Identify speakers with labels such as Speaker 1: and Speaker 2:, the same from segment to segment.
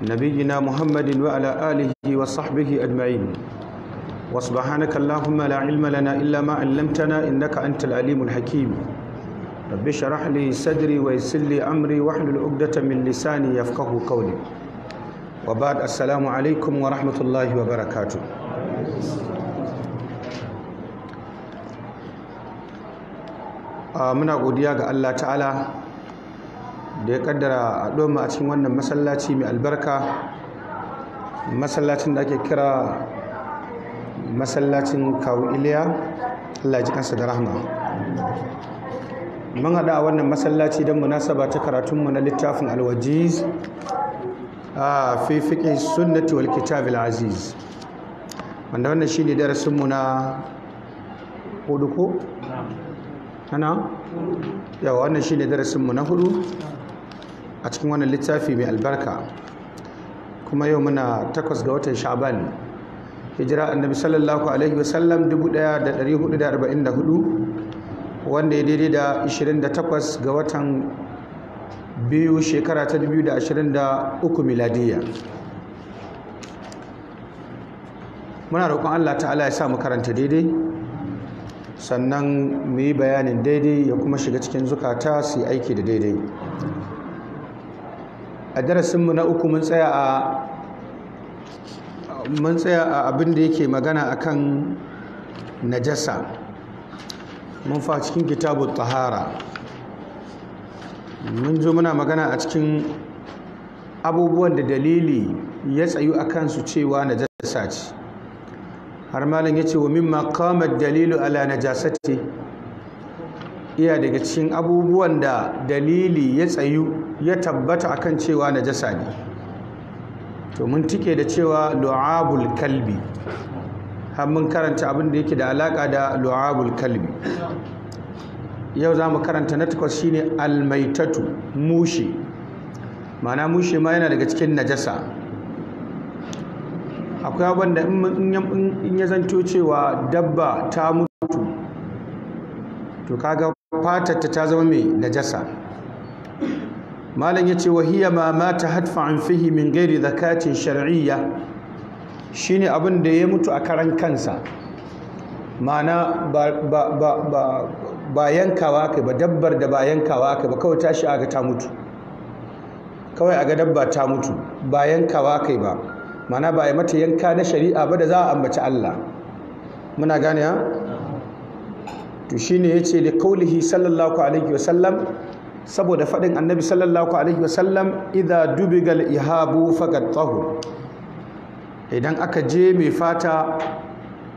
Speaker 1: نبينا محمد وعلى آله وصحبه أجمعين وسبحانك اللهم لا علم لنا إلا ما علمتنا إنك أنت العليم الحكيم رب اشرح لي صدري ويسر لي أمري واحلل عقدة من لساني يفقه قولي وبعد السلام عليكم ورحمة الله وبركاته muna godiya ga Allah ta'ala da ya kaddara a doma a cikin wannan masallaci mai albarka masallacin da ake kira masallacin kawo iliya allah ji kansa da rahama mun haɗu a wannan masallaci don munasaba ta karatunmu na littafin alwajiz a fifikin sunnati wal kitabil aziz wanda wannan shi ne darasinmu na hudu ko? ana? yawa wannan shi ne darasinmu na hudu a cikin wannan littafi mai albarka kuma yau muna takwas ga watan sha'ban hijira annabi sallallahu alaihi wasallam 1444 wanda ya daidai da 28 ga watan biyu shekara ta 2023 miladiyya muna roƙon allah ta'ala ya sa mu karanta daidai sannan mu yi bayanin daidai ya kuma shiga cikin zukata su yi aiki da daidai a darasinmu na uku mun tsaya a mun tsaya a abin da yake magana akan najasa mun fa cikin kitabu tahara mun ji muna magana a cikin abubuwan da dalili ya tsayu a kansu cewa najasa ce har malam ya ce wa mimma kama dalilu ala najasati iya daga cikin abubuwan da dalili ya tsayu ya tabbata a kan cewa najasa ne to mun tike da cewa lu'abul kalbi har mun karanta abin da yake da alaka da lu'abul kalbi yau za mu karanta na takwas shine almaitatu mushi mana mushi ma yana daga cikin najasa akwai abin da in ya zanto cewa dabba ta mutu to kaga fatarta ta zama mai najasa malam ya ce wahiya ma mata hadfa an fihi min gairi zakatin Shi ne abin da ya mutu a karan kansa mana ba yankawa kai ba dabbar da ba yankawa kai ba kawai tashi ga ta mutu kawai a ga dabba ta mutu ba yankawa kai ba mana ba a mata yanka na shari'a ba da za a ambaci Allah muna gane ha to ya ce da kaulihi sallallahu alaihi wasallam saboda faɗin annabi sallallahu alaihi wasallam idza dubigal ihabu faqad tahur idan aka je mai fata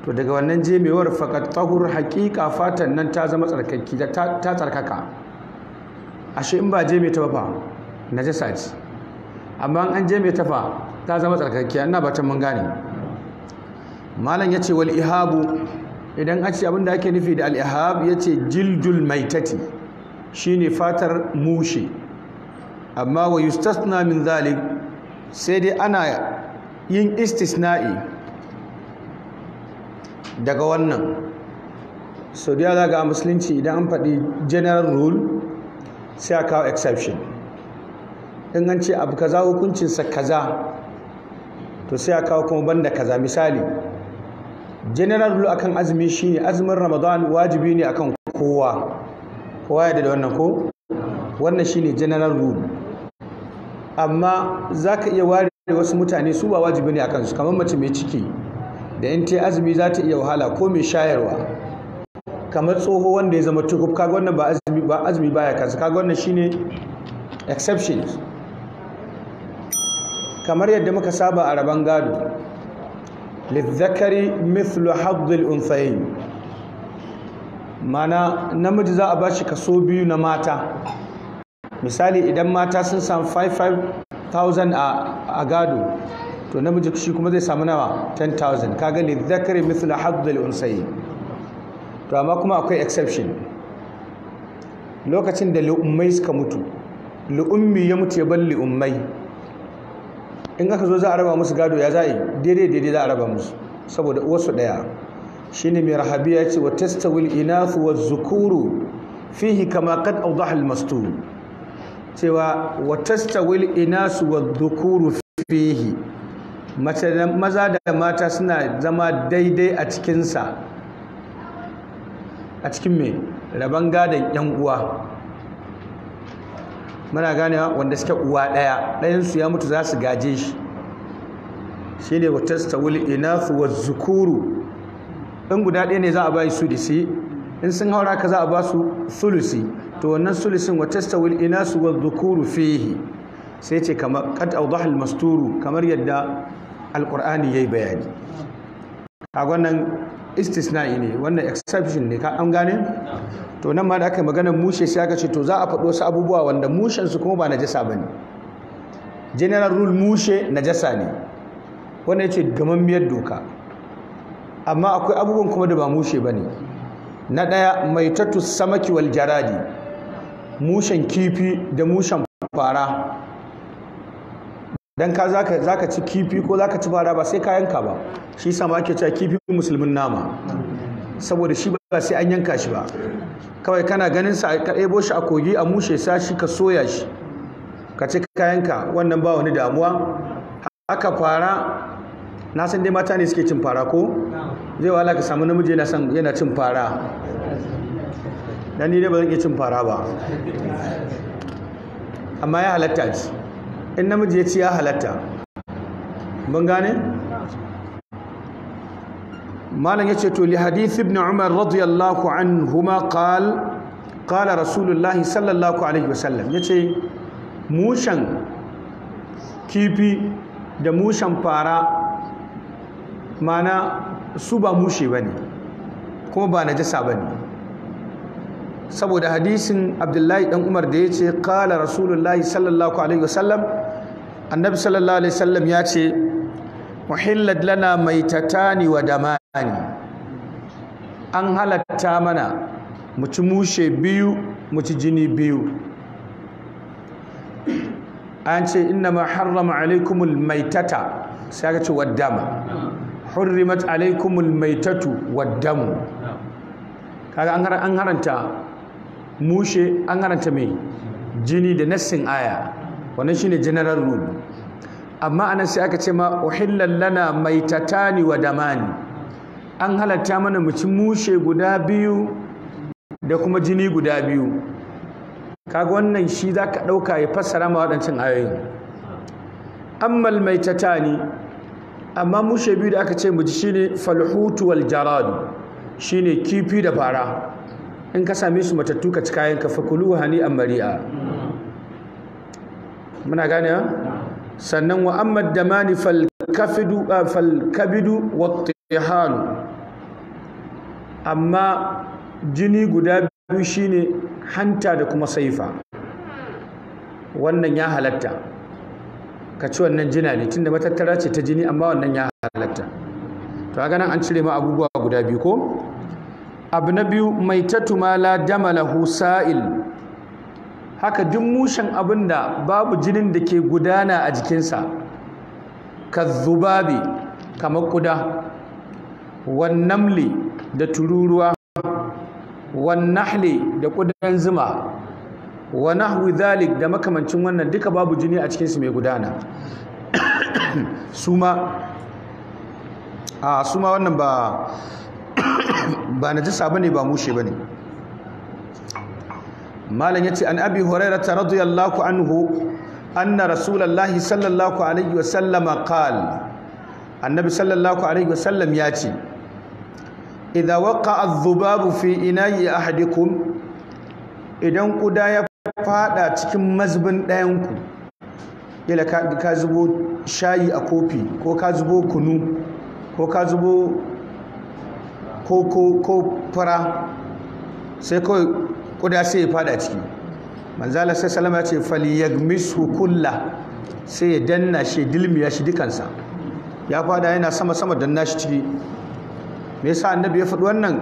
Speaker 1: to daga wannan jemewar faqad tahur haƙiƙa fatan nan ta zama tsarkaki ta tsarkaka ashe in ba je mai ta fa najasa ce amma an je mai tafa, ta zama tsarkaki ina ba ta mun gane malam yace wal ihabu idan a ce abinda ake nufi da al'ihab ya ce jiljul maitati ne fatar mushe amma wa yustasna min zalik sai dai ana yin istisna'i daga wannan saudiya za ga musulunci idan an faɗi general rule sai a kawo exception in an ce abu kaza hukuncinsa kaza to sai a kawo kuma banda kaza misali general rule akan azumi shine azumin ramadan wajibi ne akan kowa kowa ya da wannan ko wannan shine general rule amma za ka iya ware wasu mutane su ba wajibi ne akan su kamar mace mai ciki da in ta azumi za ta iya wahala ko mai shayarwa kamar tsoho wanda ya zama tukub kaga wannan ba azumi ba azumi baya kansa kaga wannan shine exception kamar yadda muka saba a rabon gado lizzakari mithlu haddul unsayin mana namiji za a bashi kaso biyu na mata misali idan mata sun samu 55,000 a gado to namiji shi kuma zai samu nawa 10,000 kaga lizzakari mithlu haddul unsayin to amma kuma akwai exception lokacin da lu'ummai suka mutu lu'ummi ya mutu ya bar lu'ummai in aka zo za a raba musu gado ya za a yi daidai daidai za a raba musu saboda uwarsu ɗaya Shin mai rahabi ya ce wa wil inathu wa zukuru fihi kama qad awdaha halmastu cewa wa tastawil inasu wa dhukuru fihi maza da mata suna zama daidai a cikinsa a cikin mai rabon gadon yan uwa muna ganewa wanda suke uwa ɗaya ɗayansu ya mutu za su gaje shi shi ne wata stawul inafu wa zukuru Ɗan guda ɗaya ne za a bayi su disi in sun haura ka za a ba su sulusi to wannan sulusin wata stawul inasu wa zukuru fihi sai ce kamar kad masturu kamar yadda Alƙur'ani ya yi bayani a wannan istisna'i ne wannan exception ne ka an gane to nan ma da aka yi maganar mushe shi aka ce to za a faɗo wasu abubuwa wanda mushen kuma ba najasa ba ne general rule mushe najasa ne wannan yace gamammiyar doka amma akwai abubuwan kuma da ba mushe ba ne na ɗaya mai tattu samaki wal jaradi mushen kifi da mushen fara dan ka zaka zaka ci kifi ko zaka ci fara ba sai ka yanka ba shi yasa ma ake cewa kifi musulmin nama saboda shi ba sai an yanka shi ba kawai kana ganin sa ka ɗebo shi a kogi a mushe sa shi ka soya shi ka ci ka wannan ba wani damuwa haka fara na san dai mata ne suke cin fara ko zai wahala ka samu namiji yana san yana cin fara dan ni dai ba zan iya cin fara ba amma ya halatta ji in namiji ya ci ya halatta ban gane malam ya ce to li hadith ibn umar radiyallahu anhuma qal qala rasulullah sallallahu alaihi wasallam yace mushan kifi da mushan fara mana su ba mushe bane kuma ba najasa bane saboda hadisin abdullahi dan umar da ya ce kala rasulullahi sallallahu alaihi wasallam annabi sallallahu alaihi wasallam ya ce muhillat lana maitatani wa damani an halatta mana mu ci mushe biyu mu ci jini biyu an ce inna ma harrama alaikumul maitata sai aka ce waddama hurrimat alaikumul maitatu waddamu kaga an haranta mushe an haranta mai jini da nassin aya wannan shine general rule amma anan sai aka ce ma uhillal lana maitatani wa damani an halatta mana mu mushe guda biyu da kuma jini guda biyu kaga wannan shi zaka dauka ya fassara ma wadancin ayoyin ammal maitatani amma mushe biyu da aka ce mu ji shine falhutu wal jarad shine kifi da fara in ka same su matattu ka ci kayan ka fakulu hani an mari'a muna gane ha sannan wa ammad damani fal falkabidu ah, kabidu wa tihalu amma jini guda biyu shine hanta da kuma saifa wannan ya halatta ka ci wannan jina ne tunda matattara ce ta jini amma wannan ya halatta to a ganin an cire ma abubuwa guda biyu ko abu na biyu mai ta tatumala damala Husa'il, haka duk mushen abin da babu jinin da ke gudana a jikinsa ka zubabi kamar kuda wannamli da tururuwa wannahli da kudan zuma wani nahwi da makamancin wannan duka babu jini a cikinsu mai gudana suma a suma wannan ba ba na jisa ba mushe ne. malam ce an abi hurairata radiyallahu anhu anna rasulallah sallallahu alaihi wasallama qala annabi sallallahu alaihi wasallam yace idza waqa'a adh-dhubabu fi a hadikun idan kuda ya fada cikin mazbin ɗayanku ila ka zubo shayi a kofi ko ka zubo kunu ko ka zubo ko ko ko fara sai kawai kuda sai ya fada ciki manzala sai salama ya ce falyagmisu kulla sai ya danna shi ya shi dukansa ya fada yana sama sama danna shi ciki me yasa annabi ya faɗi wannan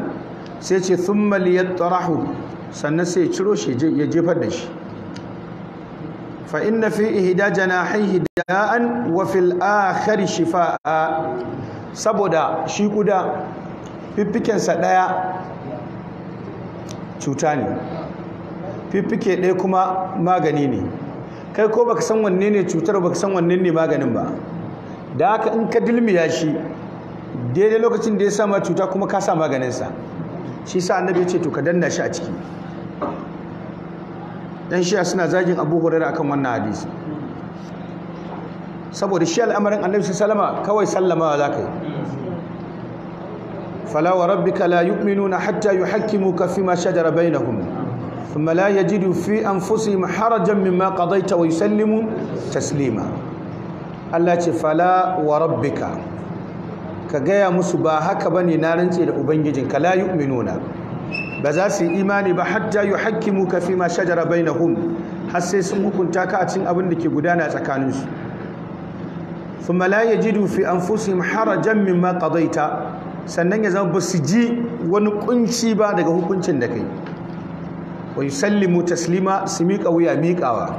Speaker 1: sai ce thumma liyatrahu sannan sai ya ciro shi ya jefar da shi fa inna fi ihda janahihi da'an wa fil akhir shifaa saboda shi kuda fiffikensa ɗaya cuta ne fiffike ɗaya kuma magani ne kai ko baka san wanne ne cutar baka san wanne ne maganin ba da haka in ka dilmiya shi daidai lokacin da ya sama cuta kuma ka sa maganinsa shi sa annabi ya ce to ka danna shi a ciki dan shiya suna zagin abu hurairu akan wannan hadisi saboda shi al'amarin annabi sallama kawai sallama za ka yi Fala wa فلا وربك لا يؤمنون حتى يحكموك فيما شجر بينهم ثم لا يجدوا في أنفسهم حرجا مما قضيت ويسلموا Taslima. Allah ce fala wa rabbika ka gaya musu ba haka bane na rantse da ubangijinka la yu'minuna ba za su imani ba hatta yuhakkimuka fi ma shajara bainahum har sai sun hukunta ka a cikin abin da ke gudana tsakanin su thumma la yajidu fi anfusihim harajan mimma qadaita sannan ya zama ba su ji wani kunci ba daga hukuncin da kai wa mu taslima su miƙa wuya miƙawa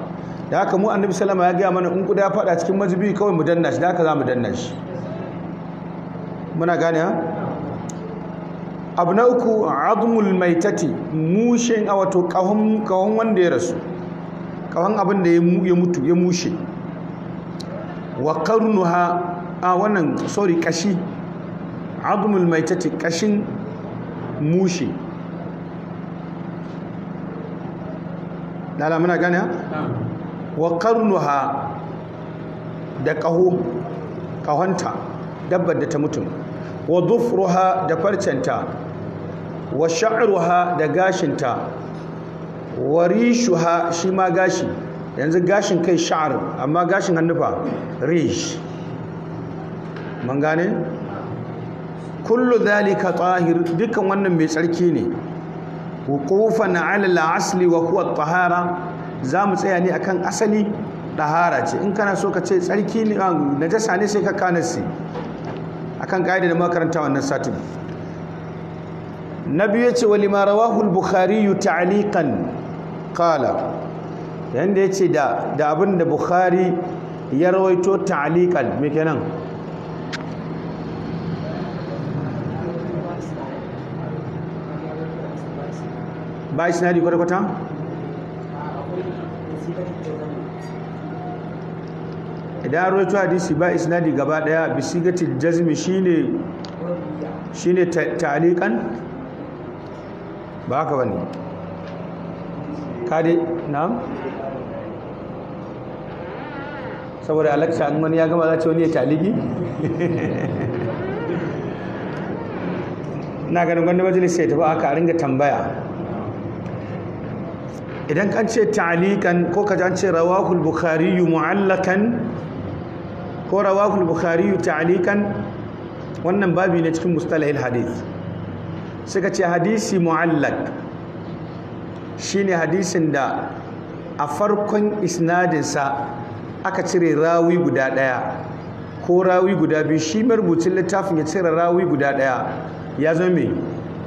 Speaker 1: da haka mu annabi sallama ya gaya mana in kuda ya faɗa cikin mazubi kawai mu danna shi da haka za mu danna shi muna gane ha abu na uku mai maitati mushin a wato kawon wanda ya rasu kawon abin da ya mutu ya mushe wa karnuha a wannan sorry kashi mai maitati kashin mushi lala muna gane ha wa da kaho kahonta dabbar da ta mutum wa dhufruha da farcenta wa sha'ruha da gashinta wa rishuha shi ma gashi yanzu gashin kai sha'ar amma gashin hannufa rish mun kullu dhalika tahir dukkan wannan mai tsarki ne wuqufan ala al-asli wa huwa tahara za mu tsaya ne akan asali ɗahara ce in kana so ka ce tsarki ne ah, najasa ne sai ka kana shi akan kaida da makaranta wannan satin na biyu yace walima rawahu al-bukhari ta'liqan qala yanda yace da da abin da bukhari ya rawaito ta'liqan me kenan ba isnadi kwata-kwata idan rawaito hadisi ba isnadi gaba daya bisigatil jazmi shine shine talikan ba haka bane kadi na'am saboda alaksa an wani ya gama za ce wani ya taligi na ganin gwamnati majalisa ya tafi aka ringa tambaya idan kan ce ta'alikan ko ka an ce rawahul bukhari mu'allakan ko rawahul bukhari ta'alikan wannan babi ne cikin mustalahil hadith suka ce hadisi mu'allak shine hadisin da a farkon isnadinsa aka cire rawi guda ɗaya ko rawi guda biyu shi marubucin littafin ya cire rawi guda ɗaya ya zama mai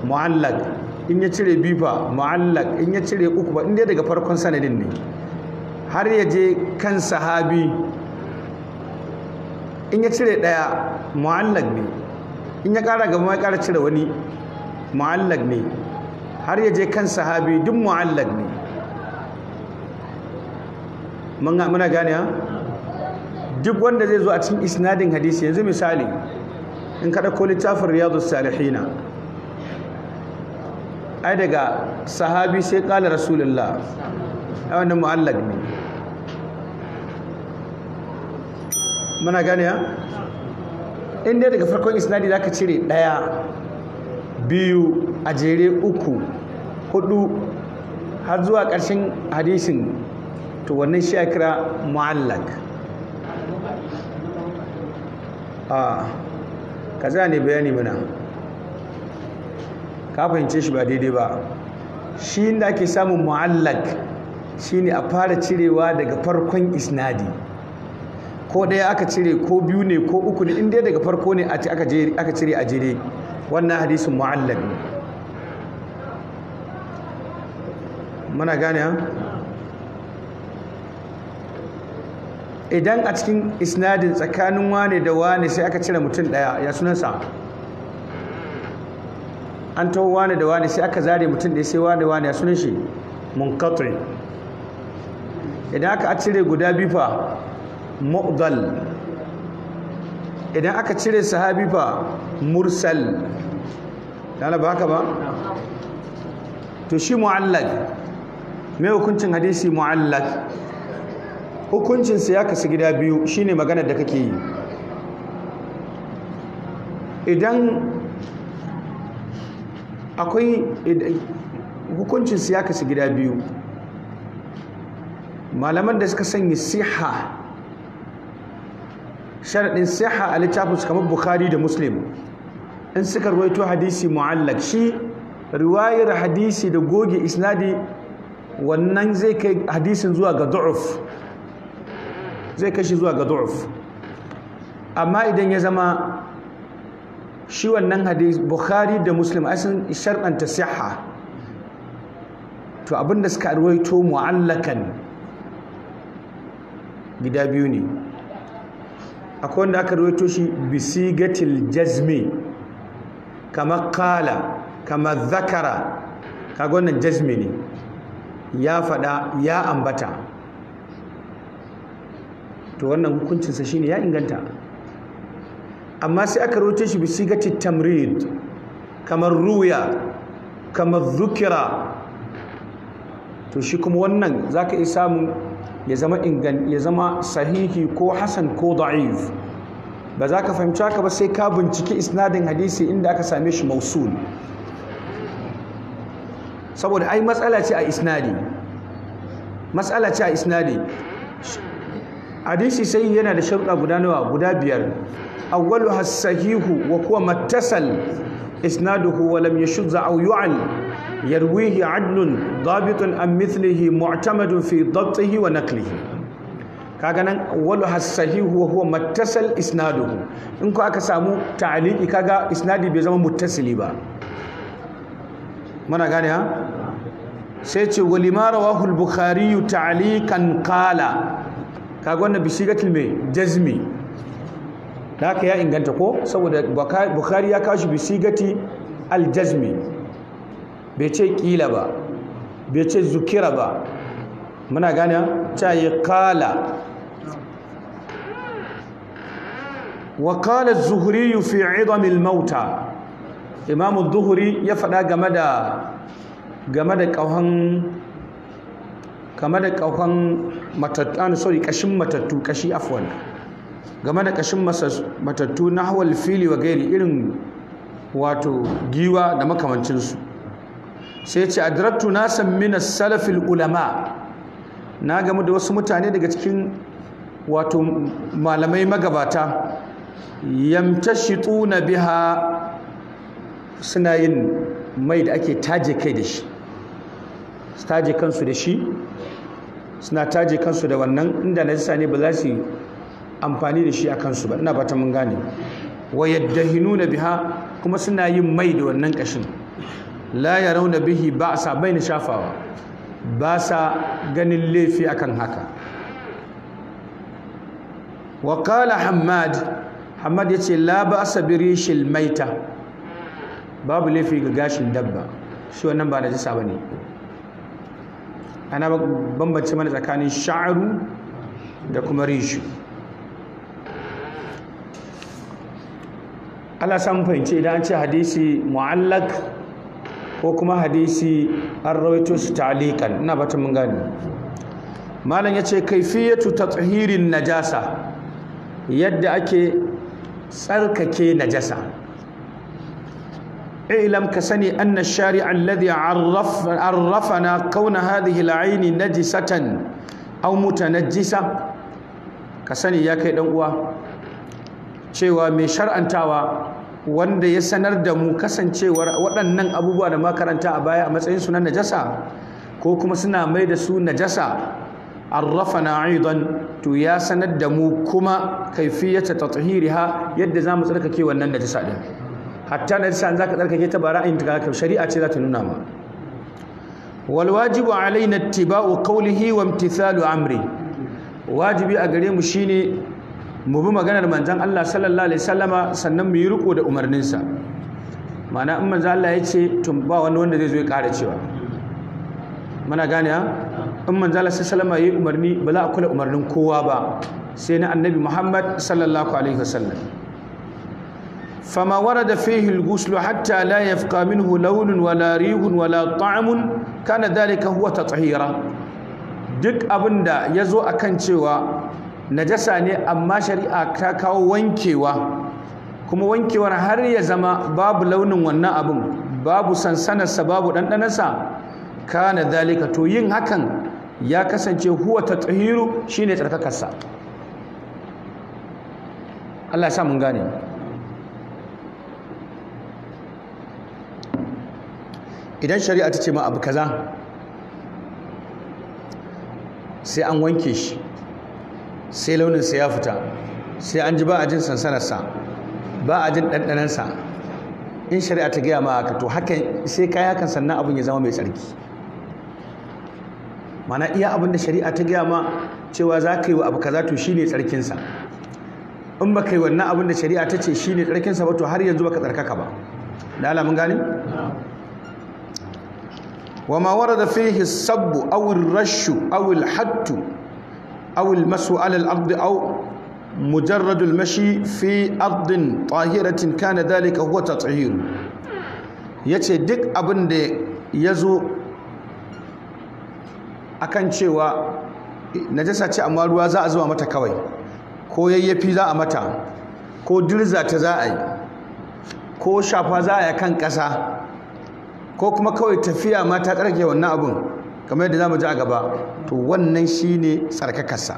Speaker 1: mu'allak in ya cire bifa mu'allak in ya cire uku ba inda daga farkon sanadin ne har ya je kan sahabi in ya cire daya mu'allak ne in ya kara gaba ya kara cire wani mu'allak ne har ya je kan sahabi duk mu'allak ne muna gane ha duk wanda zai zo a cikin isnadin hadisi yanzu misali in ka ɗauko littafin riyadu salihina ai daga sahabi sai kala rasulullah ai wannan mu'allaq ne muna gane ya in dai daga farkon isnadi zaka cire daya biyu a jere uku hudu har zuwa karshen hadisin to wannan shi a kira mu'allak a ah, kaza ne bayani mana ka fahimce shi ba daidai ba shi inda ake samun mu'allak shine a fara cirewa daga farkon isnadi ko daya aka cire ko biyu ne ko uku ne inda daga farko ne a aka cire a jere wannan hadisin mu'allak ne muna gane ha idan a cikin isnadin tsakanin wane da wane sai aka cire mutum ɗaya ya sunansa an taho wani da wani sai aka zare mutum da ya sai wani wani a sunan shi munkatri idan aka cire guda bifa fa mu'dal idan aka cire sahabi fa mursal dana ba haka ba to shi mu'allaq me hukuncin hadisi mu'allaq hukuncin sa ya kasu gida biyu shine magana da kake yi idan akwai hukuncin su ya gida biyu malaman da suka sanya siha sharaɗin siha a littafin su kamar bukhari da muslim in suka ruwaito hadisi mu'allak shi riwayar hadisi da goge isnadi wannan zai kai hadisin zuwa ga du'uf zai kai zuwa ga du'uf amma idan ya zama shi wannan hadis bukhari da muslim ai sun sharɗanta siha to abinda suka arwaito mu'allakan gida biyu ne akwai wanda aka arwaito shi bisigatil jazmi kama kala kamar zakara kaga wannan jazmi ne ya faɗa ya ambata to wannan hukuncinsa shine ya inganta amma sai aka rute shi bisi sigati tamrid kamar ruya kamar zukira to shi kuma wannan zaka iya samun ya zama ingan ya zama sahihi ko hasan ko da'if ba za ka fahimci haka ba sai ka binciki isnadin hadisi inda aka same shi mausul saboda ai matsala ce a isnadi matsala ce a isnadi hadisi sai yana da sharuɗa guda nawa guda biyar Awal uha sahihu wa kuwa matasal isna da huwa la miya shug za a yi wacal yar wiyi cajnun dawa bi an mislihi muca madufi wa nakli. Ka ganan awal uha sahihu wa kuwa matasal isna in ko aka samu tacaliƙi kaga isnadi bai zama mu ba. Man haka ha? Sai ce walimaron bai tafi yi ma AlBukhariyu da Ali Kankala. Ka ganan bishiyu ka jazmi. da haka ya inganta ko saboda bukari ya kashi sigati aljazmi bai ce kila ba bai ce zukira ba muna gane ta yi kala wa kala zuhuri fi idon ilmauta imamu zuhuri ya fada game da game da game da kawon matattu an ah, sorry kashin matattu ƙashi afwan game da kashin matattu na hawal fili wa gairi irin wato giwa da makamancinsu sai ce na nasan na salafil ulama na gamu da wasu mutane daga cikin wato malamai magabata na biha suna yin mai da ake taje kai da shi taje kansu da shi suna taje kansu da wannan inda na najisa ne ba za su amfani da shi a kansu ba ina fata mun gane wa yaddahinu biha kuma suna yin mai da wannan kashin la yarawna bihi ba sa baina shafawa ba sa ganin laifi akan haka wa qala hammad hammad yace la ba'sa bi rishil maita babu laifi ga gashin dabba shi wannan ba najisa bane ana bambance mana tsakanin sha'ru da kuma rishu Allah san fahimci idan an ce hadisi mu'allak ko kuma hadisi an rawaito shi ta'alikan ina batun mun gani. malam yace kaifiyatu tathirin najasa yadda ake tsarkake najasa anna كسني أن الشارع الذي عرف عرفنا كون هذه العين Ka sani ya kai ɗan uwa? cewa mai shar'antawa wanda ya sanar da mu kasancewar waɗannan abubuwa da makaranta a baya a matsayin su na najasa ko kuma suna mai da su najasa arrafa aidan to ya sanar da mu kuma kaifiyata tathiriha yadda zamu tsarkake wannan najasa din hatta najasa an zaka tsarkake ta ba ra'ayin ta shari'a ce za ta nuna ma walwajibu wajibu alaina ittiba'u qawlihi wa imtithalu amri wajibi a gare mu shine mu bi maganar manzan Allah sallallahu alaihi wasallama sannan mu yi riko da umarninsa Mana in manzan Allah ya ce to ba wani wanda zai zo ya ƙara cewa muna gane ha in manzan Allah sallallahu alaihi wasallama umarni ba za a kula umarnin kowa ba sai na annabi Muhammad sallallahu alaihi wasallam فما ورد فيه الغسل حتى لا يبقى منه لون ولا ريح ولا طعم كان ذلك هو تطهيرا duk abin da ya zo a kan cewa najasa ne amma shari'a ta kawo wankewa kuma wankewar har ya zama babu launin wannan abin babu sansanarsa babu ɗanɗanarsa kana dalika to yin hakan ya kasance huwa ta tsahiru shi ne tsarkakarsa Allah sa mun gane idan shari'a ta ce ma abu kaza sai an wanke shi sai launinsa ya fita sai an ji ba a jin sansanarsa ba a jin ɗanɗanansa in shari'a ta gaya ma haka to hakan sai kaya kan sannan abin ya zama mai tsarki mana iya abin da shari'a ta gaya ma cewa za ka yi wa abu kaza to ne tsarkinsa in ba ka yi wannan abin da shari'a ta ce shi ne tsarkinsa ba to har yanzu ba ka tsarkaka ba da alamun mun gani wa ma da fihi sabbu aw rashu aw hattu أو المسح على الأرض أو مجرد المشي في أرض طاهرة كان ذلك هو تطهير yace duk abin da ya zo akan cewa najasa ce amma ruwa za a zuwa mata kawai ko yayyafi za a mata ko dirza ta za a yi ko shafa za a yi kan ƙasa ko kuma kawai tafiya ma ta ƙarke wannan abin kamar yadda mu ji a gaba to wannan shi ne tsarkakarsa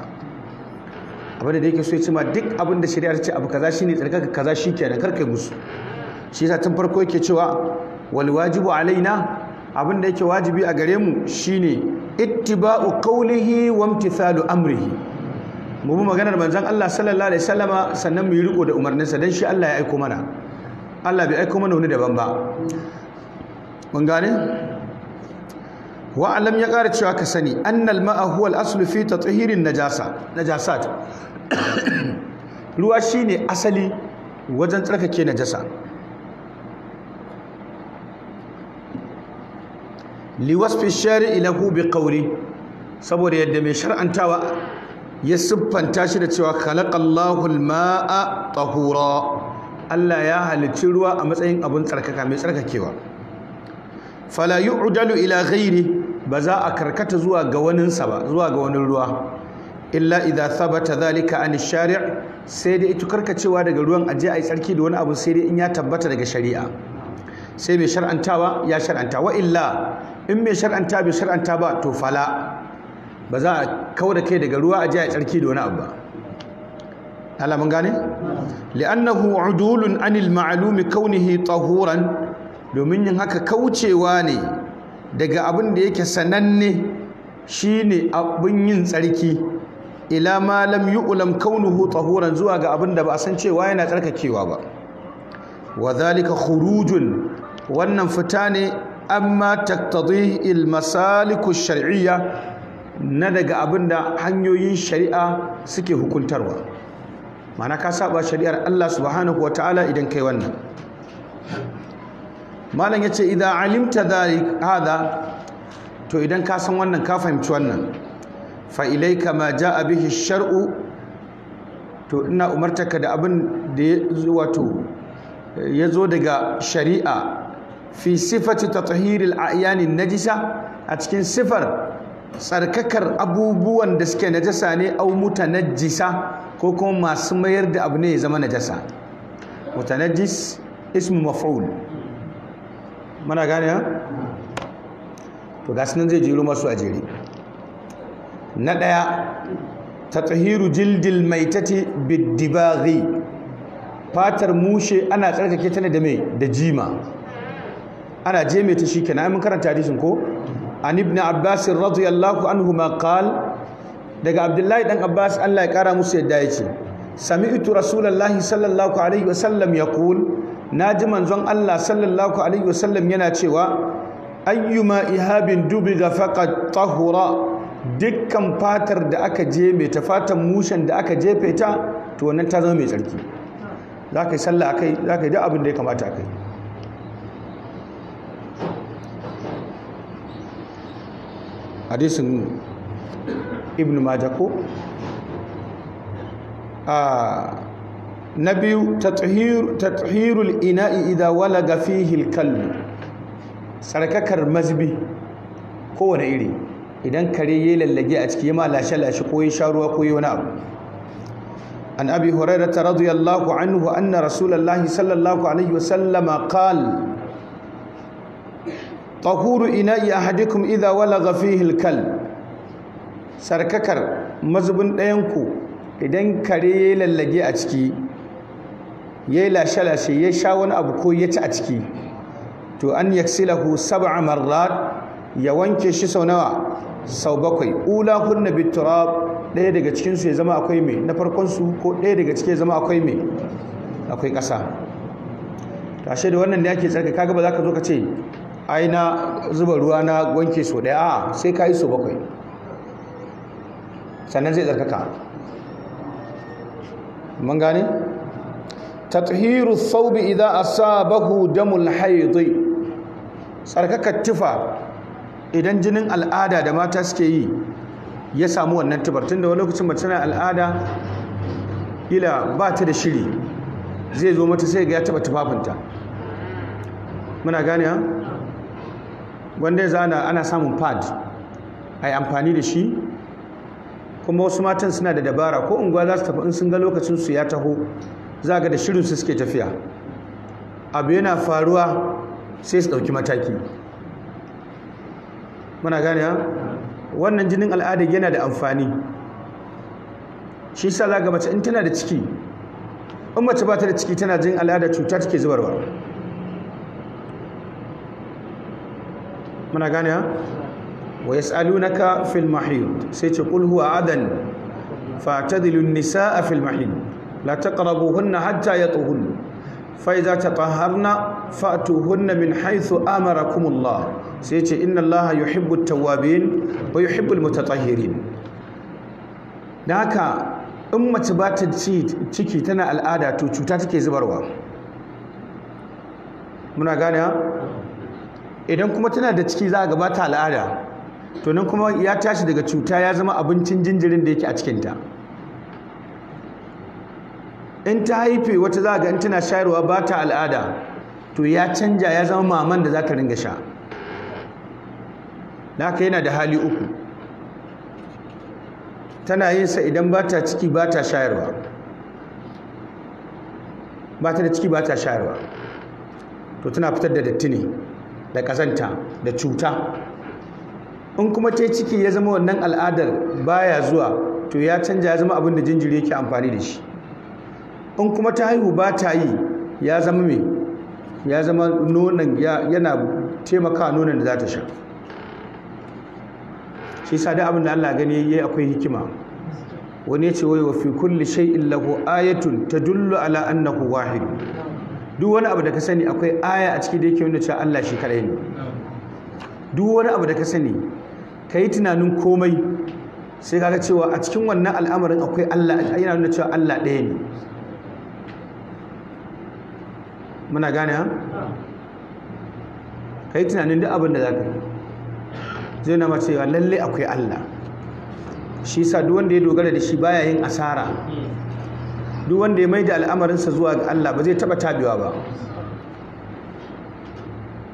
Speaker 1: abin da yake so ya ce ma duk abin da shari'a ce abu kaza shine tsarkaka kaza shi ke shikenan karkai musu shi yasa tun farko yake cewa wal wajibu alaina abin da yake wajibi a gare mu shine ittiba'u qawlihi wa imtithalu amrihi mu bi maganar manzon Allah sallallahu alaihi wasallama sannan mu yi riko da umarninsa dan shi Allah ya aiko mana Allah bai aiko mana wani daban ba mun wa'alam ya ƙara cewa ka sani annal ma'a huwal aslu fi tathirin najasa najasat ruwa shine asali wajen tsarkake najasa liwasfi shari'i lahu bi qawli saboda yadda mai shar'antawa ya siffanta shi da cewa khalaqallahu al-ma'a tahura Allah ya halicci ruwa a matsayin abun tsarkaka mai tsarkakewa fala yu'dalu ila ghairi ba za a karkata zuwa ga waninsa ba zuwa ga wani ruwa illa idza thabata dhalika an shari' sai dai ita karkacewa daga ruwan aje ai tsarki da wani abu sai dai in ya tabbata daga shari'a sai mai shar'antawa ya shar'anta wa illa in mai shar'anta bai shar'anta ba to fala ba za a kawo kai daga ruwa aje ai tsarki da wani abu ba Allah mun gane li'annahu udulun anil ma'lumi kaunihi tahuran domin yin haka kaucewa ne daga abin da yake sananne shine abin yin tsarki ila ma lam yu'lam kaunuhu tahuran zuwa ga abin da ba a san cewa yana tsarkakewa ba wa zalika khurujun wannan fita ne amma taqtadi al masaliku shar'iyya na daga abin da hanyoyin shari'a suke hukuntarwa ma'ana ka saba shari'ar Allah subhanahu wataala idan kai wannan malam ya ce, idan alimta dhalik hada to idan ka san wannan ka fahimci wannan fa'ilai kama ma a bihi shar'u to ina umartaka da abin da wato ya zo daga shari'a fi sifati tatahiril a'yani najisa a cikin sifar tsarkakar abubuwan da suke najasa ne au najisa ko kuma masu mayar da abu ne ya zama najasa mutanajis ismu mafa'ul mana gane to ga nan zai jiro masu a jere na ɗaya ta tsahiru jildil mai tati biddibaghi fatar mushe ana tsarkake ta ne da mai da jima ana je mai ta shi kenan mun karanta hadisin ko an ibn abbas radiyallahu anhu ma qal daga abdullahi dan abbas Allah ya kara musu yadda ce sami'tu rasulullahi sallallahu alaihi wasallam yaqul Na ji manzon Allah sallallahu alaihi wasallam yana cewa ayyuma ihabin ga faqad tahura dukkan fatar da aka jefe ta fatan mushen da aka jefe ta to wannan ta zama mai tsarki za ka yi sallah akai za ka yi duk abin da ya kamata akai hadisin ibn majako ko a ah, na biyu tathirul ina'i idha walaga fihi alqalb sarkakar mazbi kowane iri idan kare ya lallage a ciki ma lashe lashe ko ya sha ruwa ko ya wani abu an abi hurairata radiyallahu anhu na rasulullahi sallallahu alaihi wasallama qala طهور إناء أحدكم إذا ولغ فيه الكلب sarkakar mazubin ɗayanku idan kare ya lallage a ciki ya yi lashe-lashe ya sha wani abu ko ya ci a ciki to an ku sab'a marrat ya wanke shi sau nawa sau bakwai ula kunna bitura ɗaya daga cikinsu ya zama akwai mai na farkon su ko ɗaya daga cikin ya zama akwai mai akwai ƙasa to da wannan ne ake tsarka kaga ba za ka zo ka ce ai na zuba ruwa na wanke sau ɗaya a sai ka yi sau bakwai sannan zai tsarkaka mun gane tathiru saubi sa asabahu damul hayd tsarkakar tufa idan jinin al'ada da mata suke yi ya samu wannan tubar tunda wani lokacin mace na al'ada ila ba ta da shiri zai zo mata sai ga ya taba tufafinta muna gane ha wanda ya zana ana samun pad a yi amfani da shi kuma wasu matan suna da dabara ko unguwa za su tafi in sun ga lokacinsu, ya taho za ga da shirin su suke tafiya abu yana faruwa sai su ɗauki mataki muna gane ha wannan jinin al'ada yana da amfani shi sa za ga mace in tana da ciki in mace ba ta da ciki tana jin al'ada cuta take zubarwa muna gane ha wa na ka mahid sai ce kulhuwa adan fa tadilun nisa a mahid la taqrabuhunna hatta yatuhunna fa idza tatahharna fa'tuhunna min haythu amarakumullah sai ce inna allaha yuhibbu at-tawwabin wa yuhibbu al Na haka in mace ba ta ciki tana al'ada to cuta take zubarwa muna gane idan kuma tana da ciki za a gabata al'ada to kuma ya tashi daga cuta ya zama abincin jinjirin da yake a cikinta in ta haife wata za ga in tana shayarwa ba ta al'ada to ya canja ya zama maman da za ta ringa sha haka yana da hali uku tana yin sa idan ba ta ciki ba ta shayarwa ba ta da ciki ba ta shayarwa to tana fitar da datti ne da kazanta da cuta in kuma ta ciki ya zama wannan al'adar baya zuwa to ya canja ya zama abin da jinjiri yake amfani da shi in kuma ta haihu ba ta yi ya zama mai ya zama nonon yana taimaka nonon da za ta sha shi sa abin da Allah gani yayi akwai hikima wani ya ce wai wa fi kulli shay'in lahu ayatun tadullu ala annahu wahid duk wani abu da ka sani akwai aya a ciki da yake nuna cewa Allah shi kadai ne duk wani abu da ka sani ka yi tunanin komai sai kaga cewa a cikin wannan al'amarin akwai Allah yana nuna cewa Allah ɗaya ne muna gane ha yi tunanin duk abin da za ka yi zai na mace cewa lalle akwai Allah shi sa duk wanda ya dogara da shi baya yin asara duk wanda ya maida al'amarinsa zuwa ga Allah ba zai taba tabewa ba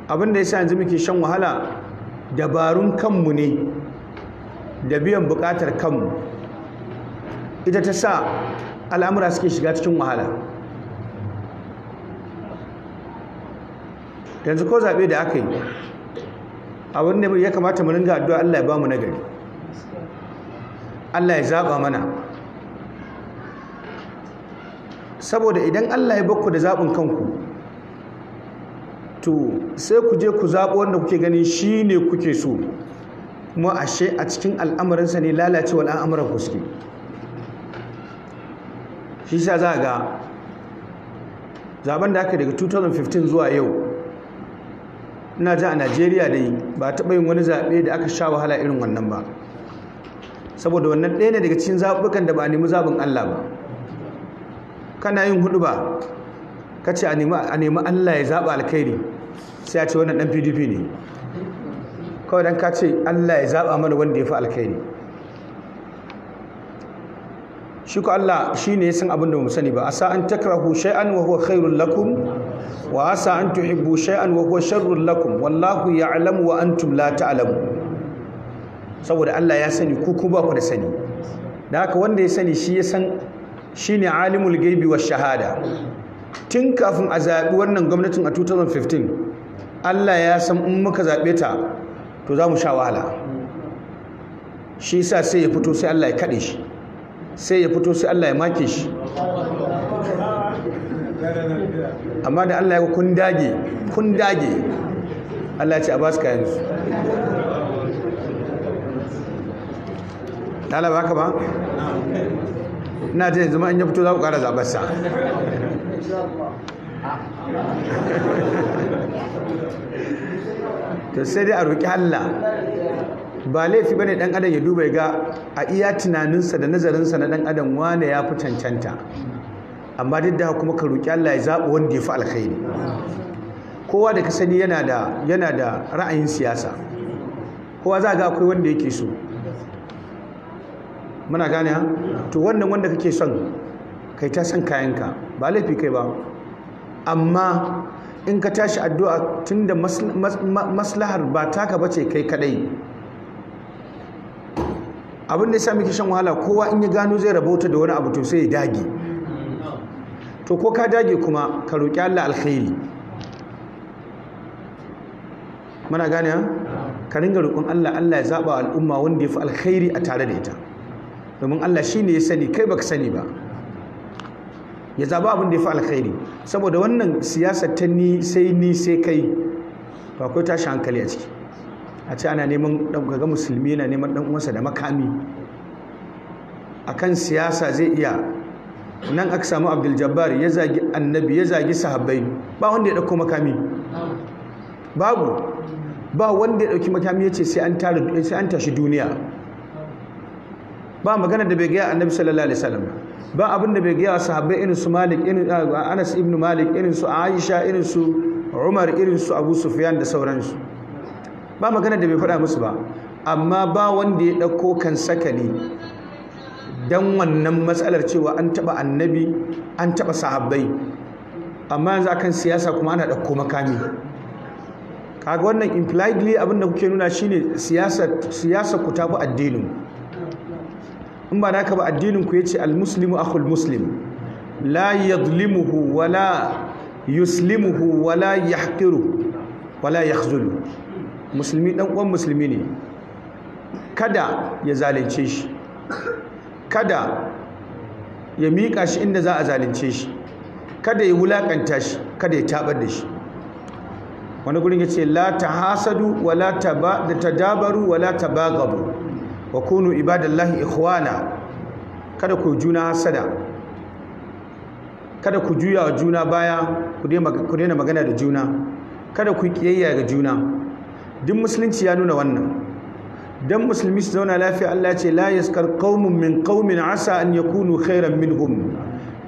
Speaker 1: Abinda da sa yanzu muke shan wahala dabarun kanmu ne da biyan bukatar kanmu ita ta sa al'amura suke shiga cikin wahala yanzu ko zaɓe da aka yi abin da ya kamata mu ringa addu'a Allah ya ba mu nagari Allah ya zaɓa mana saboda idan Allah ya bakku da zaɓin kanku to sai ku je ku zaɓo wanda kuke gani shi ne kuke so kuma ashe a cikin al'amuransa ne lalacewa al'amuran ku shi sa za ga zaben da aka daga 2015 zuwa yau ina ji a najeriya dai ba taɓa yin wani zaɓe da aka sha wahala irin wannan ba saboda wannan ɗaya ne daga cikin zaɓukan da ba a nemi zaɓin allah ba kana yin hudu ba ka ce a nemi allah ya zaɓa alkhairi sai a ce wannan ɗan pdp ne kawai dan ka ce allah ya zaɓa mana wanda ya fi alkhairi shi ku allah shi ne ya san abin da mu sani ba a sa'an takrahu shay'an wa huwa khairul lakum wa asa an tuhibbu shay'an wa huwa sharrun lakum wallahu ya'lamu wa antum la ta'lamu saboda Allah ya sani ku ku ba da sani da haka wanda ya sani shi ya san shine alimul gaibi wa shahada tun kafin a zaɓi wannan gwamnatin a 2015 Allah ya san in muka zaɓe ta to za mu sha wahala shi sa sai ya fito sai Allah ya kaɗe shi sai ya fito sai Allah ya make shi amma da Allah ya kun dage kun dage Allah ce a ba su kayan su talaba haka ba ina ce zama in ya fito za ku kara zabarsa ta to sai dai a roƙi Allah ba laifi bane dan adam ya duba ga a iya tunaninsa da nazarinsa na dan adam wane ya fi cancanta amma duk da kuma ka roki Allah ya zaɓi wanda ya fi alkhairi kowa da ka sani yana da yana da ra'ayin siyasa kowa za ga akwai wanda yake so muna gane ha to wannan wanda kake son kai ta san ka ba laifi kai ba amma in ka tashi addu'a tunda maslahar ba taka bace kai kadai abin da ya sa muke shan wahala kowa in ya gano zai rabauta da wani abu to sai ya dage to ko ka dage kuma ka roƙi Allah alkhairi muna gane ha ka ringa roƙon Allah Allah ya zaba al'umma wanda ya fi alkhairi a tare da ita domin Allah shine ya sani kai baka sani ba ya zaba abin da ya fi alkhairi saboda wannan siyasar ta ni sai ni sai kai ba kai tashi hankali a ciki a ce ana neman ga musulmi yana neman dan uwansa da makami akan siyasa zai iya nan aka samu abdul jabbar ya zagi annabi ya zagi sahabbai ba wanda ya dauko makami babu ba wanda ya dauki makami ya ce sai an tare sai an tashi duniya ba magana da bai gaya annabi sallallahu alaihi wasallam ba abin da bai gaya sahabbai irin su malik irin ah, anas ibn malik irin su aisha irin su umar irin su abu sufyan da sauransu ba magana da bai faɗa musu ba amma ba wanda ya dauko kan sakali dan wannan matsalar cewa an taba annabi an taba sahabbai amma yanzu akan siyasa kuma ana ɗauko makami kaga wannan impliedly abinda kuke nuna shine siyasa siyasa ku tafi addinin in ba naka ba addinin ku yace muslimu akhul muslim la yadhlimuhu wala yuslimuhu wala yahqiru wala yakhzulu musulmi dan uwan musulmi ne kada ya zalunce shi kada ya miƙa shi inda za a zalunce shi kada ya wulaƙanta shi kada ya tabar da shi wani gurin ya ce la ta hasadu wa la ta ba da ta dabaru wa la ta bagabu wa kunu ibadallahi ikhwana kada ku juna hasada kada ku juya wa juna baya ku daina magana da juna kada ku kiyayya ga juna duk musulunci ya nuna wannan dan musulmi su zauna lafiya Allah ce la yaskar qaumun min qaumin asa an yakunu khairan minhum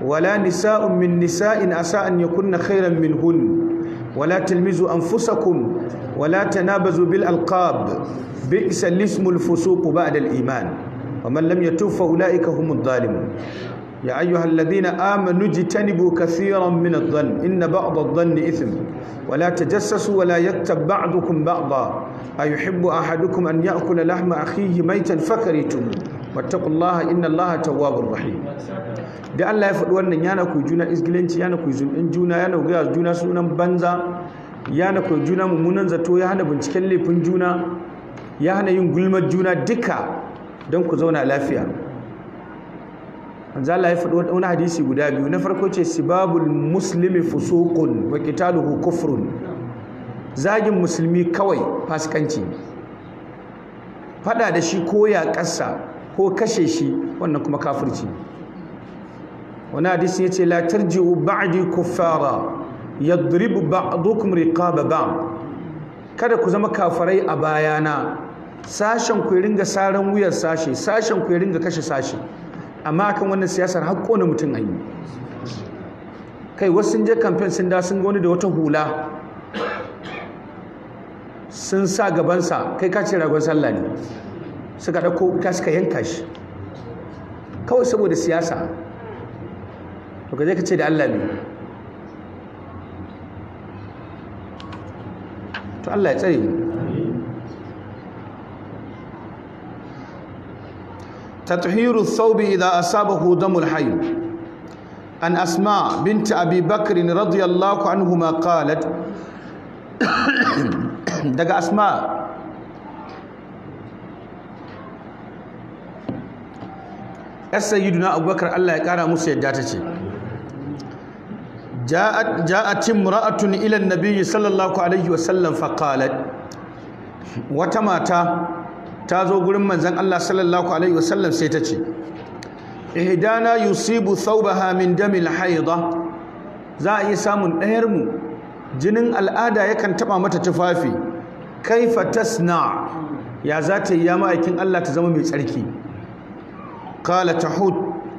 Speaker 1: wala nisa'un min nisa'in asa an yakunna khairan minhun wala tilmizu anfusakum wala tanabazu bil alqab bi'sa al-ismu al-fusuq ba'da al-iman wa man lam yatuf fa ulaika humudh-dhalimun يا أيها الذين آمنوا اجتنبوا كثيرا من الظن إن بعض الظن إثم ولا تجسسوا ولا يتب بعضكم بعضا أيحب أحدكم أن يأكل لحم أخيه ميتا فكرهتم واتقوا الله إن الله تواب رحيم da Allah ya faɗi wannan yana koyi juna isgilanci yana koyi zunin juna yana koyi juna sunan banza yana koyi juna mummunan zato ya hana binciken laifin juna ya hana yin gulmar juna duka don ku zauna lafiya manzo Allah ya faɗi wani hadisi guda biyu na farko ce sibabul musulmi fusukun wa qitaluhu kufrun zagin musulmi kawai fasikanci faɗa da shi ko ya ƙasa ko kashe shi wannan kuma kafirci wani hadisi ya ce la tarji'u ba'adi kuffara fara ya riqaba ba kada ku zama kafarai a bayana sashen ku ringa saran wuyar sashe sashen ku ga kashe sashe amma akan wannan siyasar haƙƙo na mutum an yi kai wasu sun je kamfen sun da sun goni da wata hula sun sa gabansa kai ka ce ragon sallah ne suka ɗauko ka suka yanka shi kawai saboda siyasa to ka je ka ce da Allah ne to Allah ya tsare mu تطهير الثوب إذا أصابه دم الحيض عن أسماء بنت أبي بكر رضي الله عنهما قالت دقى أسماء السيدنا أبو بكر الله يقارى موسى داتتي جاءت جاءت امرأة إلى النبي صلى الله عليه وسلم فقالت وتماتا ta zo gurin manzon Allah sallallahu alaihi wasallam sai ta ce ihdana yusibu thawbaha min damil haida za a iya samun ɗayar mu jinin al'ada yakan taɓa mata tufafi kaifa tasna ya za ta yi ya ma'aikin Allah ta zama mai tsarki Kala ta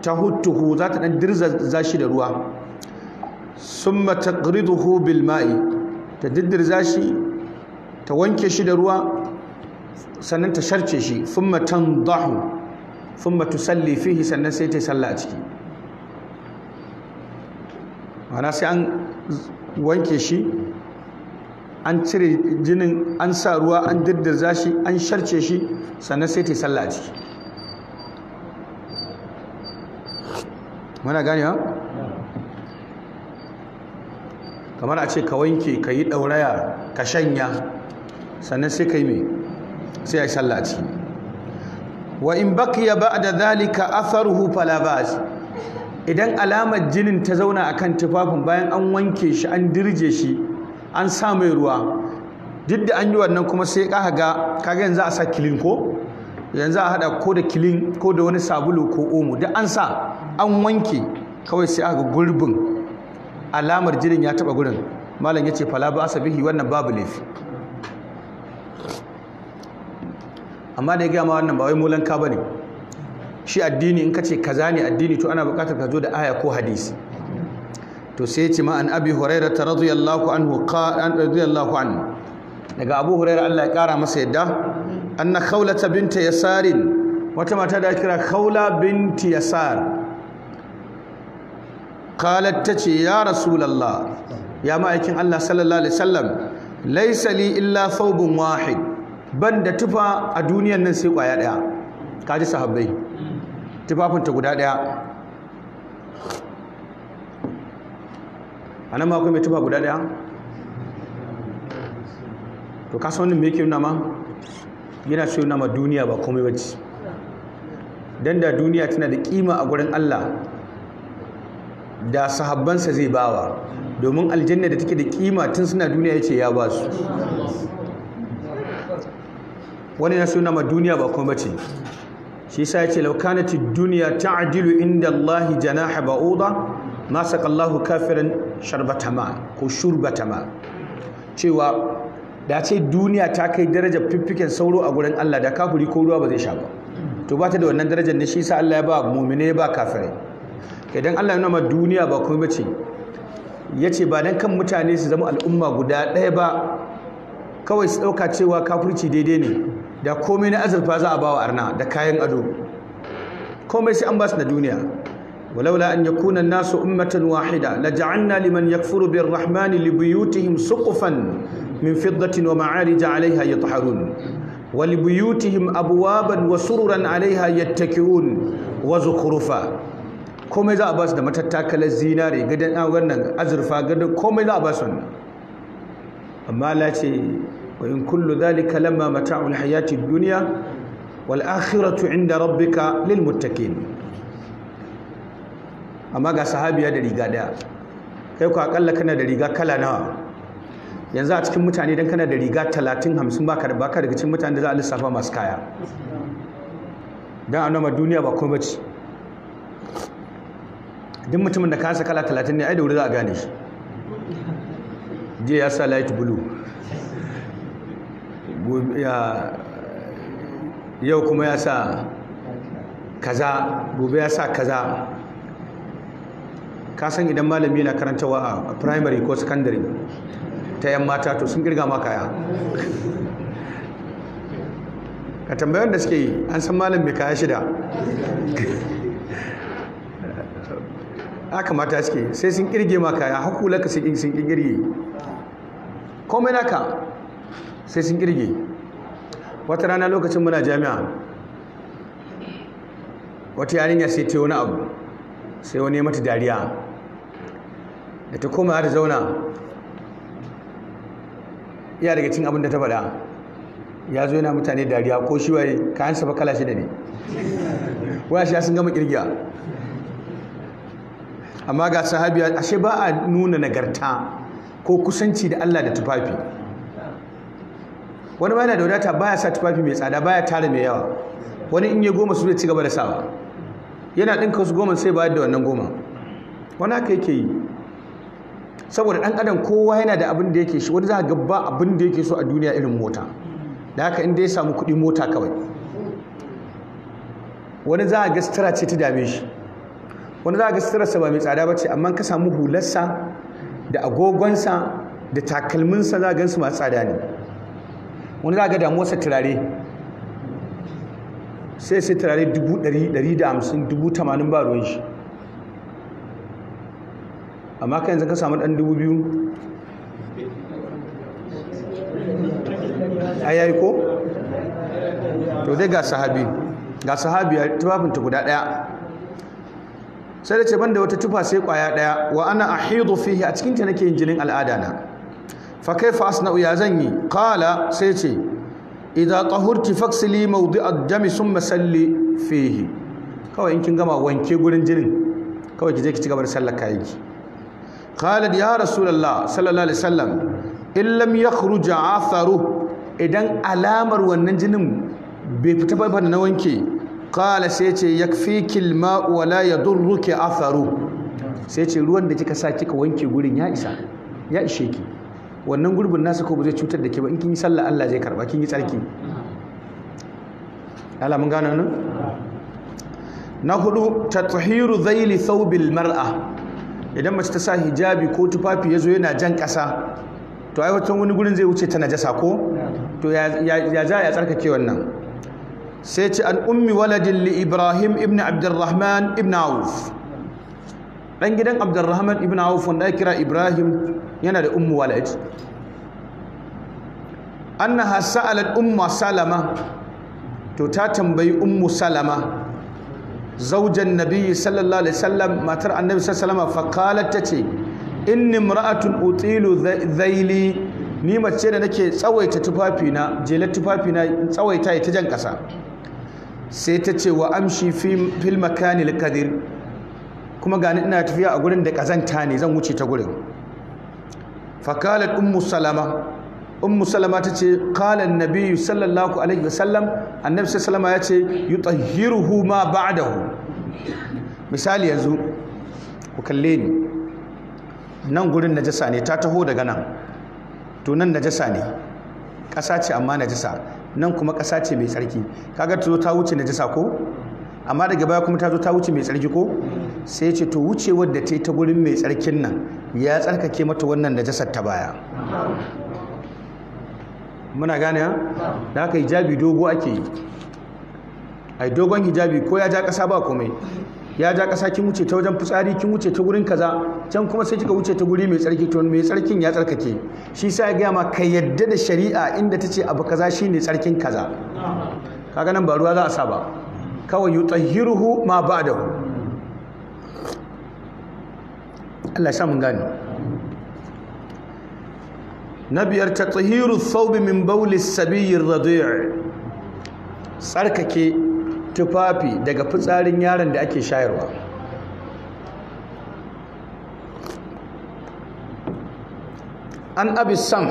Speaker 1: tahuttuhu za ta ɗan dirza shi da ruwa Sun taqriduhu bil ta diddirza shi ta wanke shi da ruwa sannan ta sharce shi thumma dahu thumma tusalli fihi sannan sai ta yi sallah a ciki ma'ana sai an wanke shi an cire jinin an sa ruwa an dirdirza shi an sharce shi sannan sai ta yi sallah a ciki muna ganewa kamar a ce ka wanke ka yi ɗauraya ka shanya sannan sai ka yi mai sai a yi sallaci wa in baqiya ba'da zalika atharuhu fala ba'as idan alamar jinin ta zauna akan tufafin bayan an wanke shi an dirje shi an sa mai ruwa duk da an yi wannan kuma sai ka ga kaga yanzu a sa kilin ko yanzu a hada ko da kilin ko da wani sabulu ko omo duk an sa an wanke kawai sai aka gurbin alamar jinin ya taba gurin malam yace fala ba asabihi wannan babu laifi amma da ya gama wannan ba wai mulanka ba ne shi addini in ka ce kaza ne addini to ana buƙatar ka zo da aya ko hadisi to sai ya ce ma an abi hurairah ta radiyallahu anhu an radiyallahu anhu daga abu hurairah Allah ya kara masa yadda anna khawlata binta yasarin wata mata da kira khawla binti yasar qalat ce ya rasulullah ya ma'aikin Allah sallallahu alaihi wasallam laysa li illa thawbun wahid ban da tufa a duniyan nan sai kwaya daya kaji sahabbai tufafinta guda daya a nan ma akwai mai tufa guda daya to kasa wani me yake nama, yana so nama duniya ba komai wacce don dan da duniya tana da kima a gurin Allah da sahabbansa zai bawa domin aljanna da take da kima tun suna duniya ya ce ya ba su wani na suna ma duniya ba kuma ce shi sa ya ce duniya ta adilu inda Allah janaha ba'uda ma sakallahu kafirin sharbatama ko shurbatama cewa da ce duniya ta kai darajar fiffiken sauro a gurin Allah da kafuri ko ruwa ba zai sha ba to ba ta da wannan darajar ne shi sa Allah ya ba mumine ba kafirai idan Allah ya nama duniya ba kuma ce ya ce ba dan kan mutane su zama al'umma guda ɗaya ba kawai su ɗauka cewa kafurci daidai ne da komai na azurfa za a bawa arna da kayan ado komai sai an ba su na duniya walaula an yakuna nasu ummatan wahida la ja'alna liman yakfuru bir rahmani li buyutihim suqufan min fiddatin wa ma'arij 'alayha yatahharun wa li buyutihim abwaban wa sururan 'alayha yattakirun wa zukhrufa komai za a ba su da matattakalar zinare gadan wannan azurfa gadan komai za a ba su amma la ce وإن in ذلك لما متاع الحياة الدنيا dunya عند ربك inda rabbika قال صحابي amma ga sahabiya da riga daya kai ku akalla kana da kala nawa yanzu a cikin mutane dan kana da riga 30 50 baka da baka daga cikin mutane da za a lissafa masu kaya dan annoma duniya ba komai bace duk mutumin da kansa kala 30 ne ai da wuri za a gane shi je ya sa light blue yau kuma ya sa kaza gobe ya sa kaza ka san idan malami na karantawa a primary ko secondary ta yan mata to sun girga ma kaya ka tambayar da suke yi an san malam mai kaya shida aka mata suke sai sun kirge ma kaya hakulaka sun kirge komai naka sai sun girge wata rana lokacin muna jami'a wata yarinya sai ta wani abu sai wani mata dariya da ta koma ta zauna iya daga cin abin da ta faɗa ya zo yana mutane dariya ko shi waye kayan sa kala da ne waya shi sun gama kirgiya amma ga sahabiya ashe ba a nuna nagarta ko kusanci da Allah da tufafi wani ma yana da wadata baya sa tufafi mai tsada baya tara mai yawa wani in ya goma su zai ci gaba da sawa yana ɗinka su goma sai bayar da wannan goma wani haka yake yi saboda ɗan adam kowa yana da abin da yake shi wani za a gaba abin da yake so a duniya irin mota da haka inda ya samu kuɗi mota kawai wani za a ga ce ta dame shi wani za a ga suturarsa ba mai tsada ba ce amma ka samu hularsa da agogonsa da takalminsa za a gansu masu tsada ne wani za ga damuwarsa turare sai sai turare 150,000 ba ruwan shi amma ka yanzu ka samu ɗan 2,000 a yayi ko? to dai ga sahabi ga sahabi tufafin tufafinta guda ɗaya sai da ce ban da wata tufa sai ƙwaya ɗaya wa ana a fihi a cikinta nake yin jinin al'ada na fa kaifa asna'u ya zan yi qala sai ce idza tahurti faksili ad dami thumma salli fihi kawai in kin gama wanke gurin jinin kawai ki je ki ci gaba da sallar kayanki qala ya rasulullah sallallahu alaihi wasallam in lam yakhruj atharu idan alamar wannan jinin bai fita ba na wanke qala sai ce yakfiki alma'u wa la yadurruki atharu sai ce ruwan da kika sa kika wanke gurin ya isa ya ishe ki wannan gurbin nasa ko ba zai cutar da ke ba in kin yi sallah Allah zai karba kin yi tsarki Allah mun gano nan na hudu tathiru zaili thawbil mar'a idan mace ta sa hijabi ko tufafi yazo yana jan kasa to ai wata wani gurin zai wuce ta najasa ko to ya za ya tsarkake wannan sai ce an ummi waladin li ibrahim ibn abdurrahman ibn auf dan gidan abdurrahman ibn auf wanda ya kira ibrahim yana da ummu walad annaha sa'alat umma salama to ta tambayi ummu salama zaujan nabiyyi sallallahu alaihi wasallam matar annabi sallallahu alaihi wasallam fa qalat tace inni imra'atun utilu dhaili ni mace da nake tsawaita tufafina jelar tufafina tsawaita ta jan kasa sai ta ce wa amshi fil makanil kadir kuma gani ina tafiya a gurin da kazanta ne zan wuce ta gurin fakalat ummu salama ummu salama ta ce kalan nabi sallallahu alaihi wasallam annabi sallallahu ya ce yi tsohiru ma hu misali yanzu ku kalle ni nan gurin najasa ne ta taho daga nan to nan najasa ne ƙasa ce amma najasa nan kuma ƙasa ce mai tsarki kaga ta ta wuce najasa ko amma daga baya kuma ta zo ta wuce mai tsarki ko sai ce to wuce wadda ta yi ta gurin mai tsarkin nan ya tsarkake mata wannan da najasar ta baya muna gane ha da haka hijabi dogo ake yi ai dogon hijabi ko ya ja kasa ba komai ya ja kasa kin wuce ta wajen fitsari kin wuce ta gurin kaza can kuma sai kika wuce ta guri mai tsarki to mai tsarkin ya tsarkake shi sa ya gaya ma ka yadda da shari'a inda tace ce abu kaza shine tsarkin kaza kaga nan ba ruwa za a sa ba kawai tsahiruhu ma ba'dahu Allah ya mun gani na biyar ta tsahiru thawbi min bawli sabiyin sabiy ar-radi' tsarkake tufafi daga fitsarin yaron da ake shayarwa an abi samh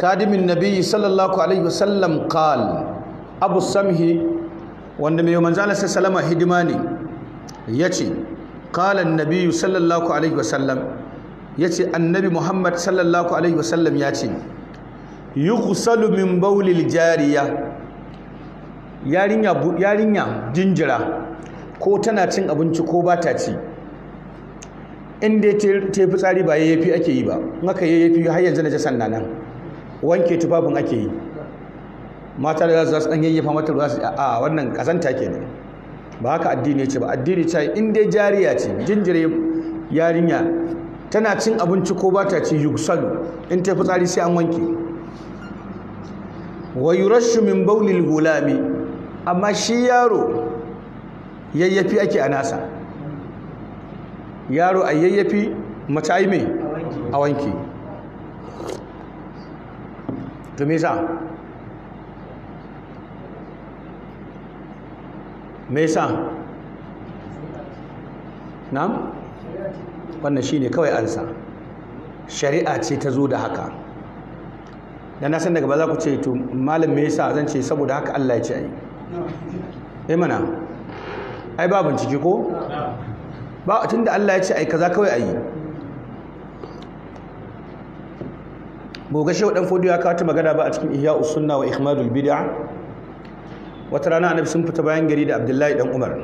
Speaker 1: kadimin nabiyyi sallallahu alaihi wasallam kal abu samhi wanda mai manzo Allah sallallahu alaihi hidima ne yace qala an-nabi sallallahu alaihi wasallam yace annabi Muhammad sallallahu alaihi wasallam yace yughsalu min bawlil jariya yarinya yarinya jinjira ko tana cin abinci ko ba ta ci in dai ta yi fitsari ba yayyafi ake yi ba in aka yayyafi har yanzu na jasan nan wanke tufafin ake yi mata da za su ɗanyen yayyafa mata ruwa su a wannan kazanta ne. ba haka addini ce ba addini ce in dai jariya ce jinjire yarinya tana cin abinci ko ba ta ci yuksan in ta fitsari sai an wanke wa yurashu min baulil gulami amma shi yaro yayyafi ake a nasa yaro a yayyafi mace a wanke me yasa na'am wannan shine kawai ansa shari'a ce ta zo da haka da na san daga ba za ku ce to malam me yasa zan ce saboda haka Allah ya ce ai eh mana ai ba ciki ko ba tunda Allah ya ce ai kaza kawai ai boga shehu dan fodiyo ya kawo ta magana ba a cikin ihya usunna wa ihmadul bid'a wata rana annabi sun fita bayan gari da abdullahi dan umar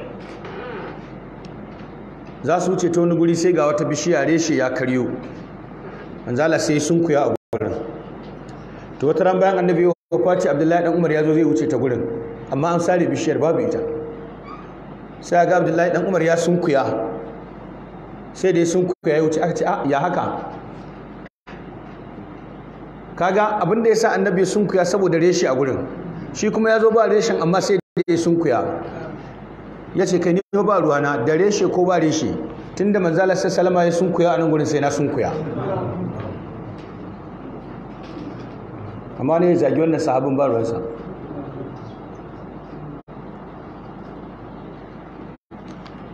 Speaker 1: za su wuce ta wani guri sai ga wata bishiya reshe ya karyo manzala sai sun kuya a gurin to wata ran bayan annabi ya kwace abdullahi dan umar ya zo zai wuce ta gurin amma an sare bishiyar babu ita sai ga abdullahi dan umar ya kuya sai dai kuya ya wuce aka ce ah, ya haka kaga abin da yasa annabi kuya saboda reshe a gurin shi kuma ya zo ba reshen amma sai da ya kuya. ya ce kai ni ba ruwana da reshe ko ba reshe tunda manzala sai salama ya kuya a nan gudun sai na kuya amma ne ya zagi wannan sahabin ba ruwansa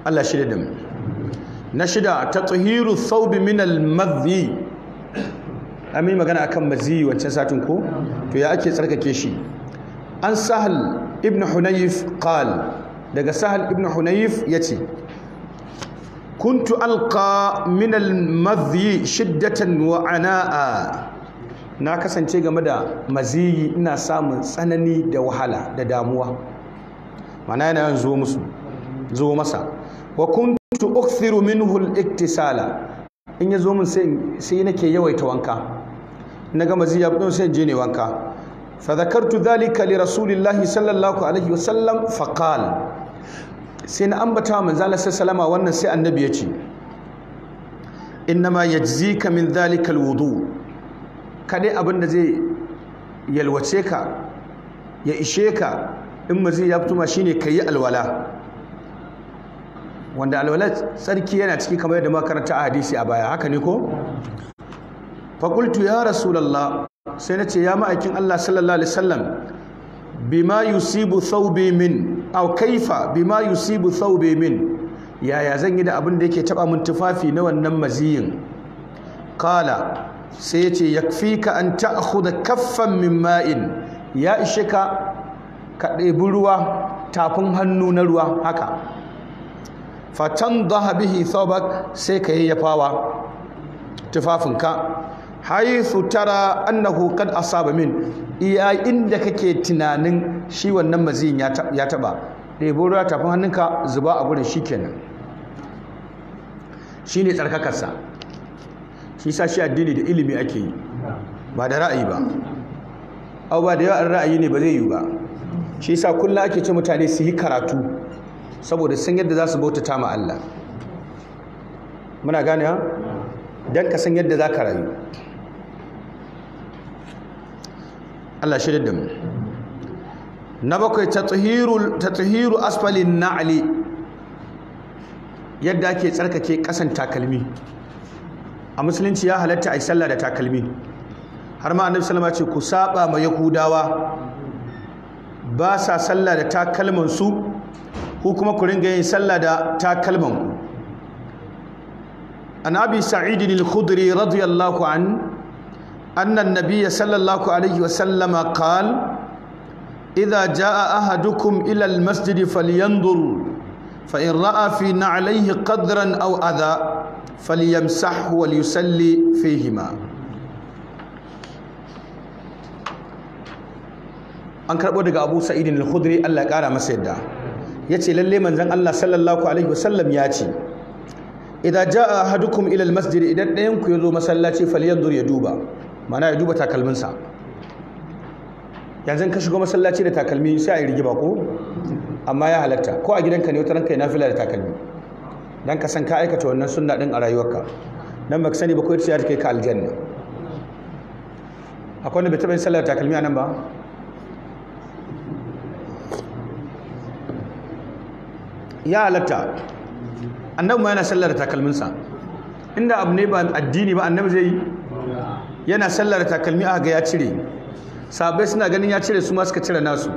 Speaker 1: Allah shirya da na shida ta tsohiru saubi minal mazi an yi magana akan mazi wancan satin ko to ya ake tsarkake shi an sahal ibn hunayif qal daga sahal ibn hunayif ya ce, kuntu alka minal mafi shiddatan wa anaa na kasance game da maziyi ina samun tsanani da wahala da damuwa mana yana yin zo masa wa kuntu ukthiru minhu iktisala in ya zo min sai nake yawaita wanka na ga maziyi ya fito sai je ne wanka fadakartu dhalika li rasulillahi sallallahu alaihi wasallam faqal sai na ambata wa manzo Allah sallama wannan sai annabi ya ce innama yajzika min dhalika alwudu kadai abinda zai yalwace ka ya ishe ka in mazin ya fito ma shine kayi alwala wanda alwala tsarki yana ciki kamar yadda makaranta a hadisi a baya haka ne ko fakultu ya rasulallah sai na ce ya ma'aikin Allah sallallahu alaihi wasallam bima yusibu thawbi min aw kaifa bima yusibu thawbi min yaya zan yi da abin da yake taba mun tufafi na wannan maziyin Kala sai ya ce yakfika an ta'khudha kaffan min ma'in ya ishe ka ka ɗebi ruwa tafin hannu na ruwa haka fatan dhaha bihi thawbak sai ka yayyafawa tufafinka haythu tara annahu a asaba min iya inda kake tunanin shi wannan mazin ya taba ɗebo ruwa tafin hannunka zuba a gurin shi kenan shi ne tsarkakarsa shi sa shi addini da ilimi ake yi ba da ra'ayi ba abu ba da an ra'ayi ne ba zai yi ba shi sa kullum ake ce mutane su yi karatu saboda sun yadda za su bauta ma Allah muna gane ha don ka san yadda za ka rayu Allah shirya da mu na bakwai ta tatuhiru asfalin na'ali yadda ake tsarkake kasan takalmi a musulunci ya halatta a yi sallah da takalmi har ma annabi sallama ce ku saba ma yahudawa ba sa sallah da takalman su ku kuma ku ringa yin sallah da takalman ku an abi sa'id al-khudri radiyallahu an أن النبي صلى الله عليه وسلم قال إذا جاء أحدكم إلى المسجد فلينظر فإن رأى في نعليه قدرا أو أذى فليمسحه وليسلي فيهما an karɓo daga abu sa'idin al-khudri Allah ya ƙara masa yadda ya ce lalle manzon Allah sallallahu alaihi wasallam ya ce idan ja'a a ila al-masjid idan ɗayan ku ya zo masallaci falyanzur ya duba mana ya duba takalminsa yanzu ka shigo masallaci da takalmi sai a yi rigi ko amma ya halatta ko a gidanka ne wata ranka yana fila da takalmi don ka san ka aikata wannan suna din a rayuwarka don ba ka sani ba ko yace ya take ka aljanna akwai wanda bai taɓa yin sallar takalmi a nan ba ya halatta annabi ma yana sallar takalminsa inda abu ne ba addini ba annabi zai yi yana sallar takalmi a ga ya cire sabai suna ganin ya cire su ma suka cire nasu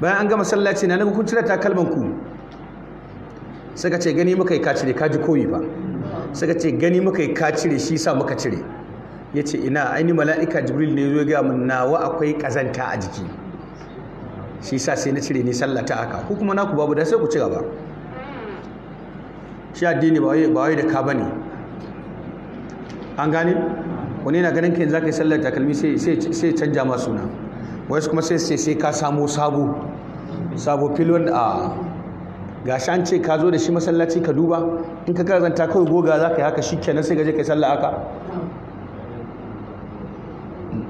Speaker 1: bayan an gama sallah ce na naga kun cire takalman ku suka ce gani muka yi ka cire ka ji koyi ba suka ce gani muka yi ka cire shi sa muka cire ya ce ina aini mala'ika jibril ne zo gaya min nawa akwai kazanta a jiki shi sa sai na cire ni sallata ta aka ko kuma naku babu da sai ku ci gaba shi addini ba wai da ka bane an gane wani yana ganin kayan za ka yi sallar takalmi sai canja ma suna wasu kuma sai sai ka samo sabo sabo filon a gashi an ce ka zo da shi masallaci ka duba in ka karzanta kawai goga za ka yi haka shi kenan sai gaje ka yi sallar haka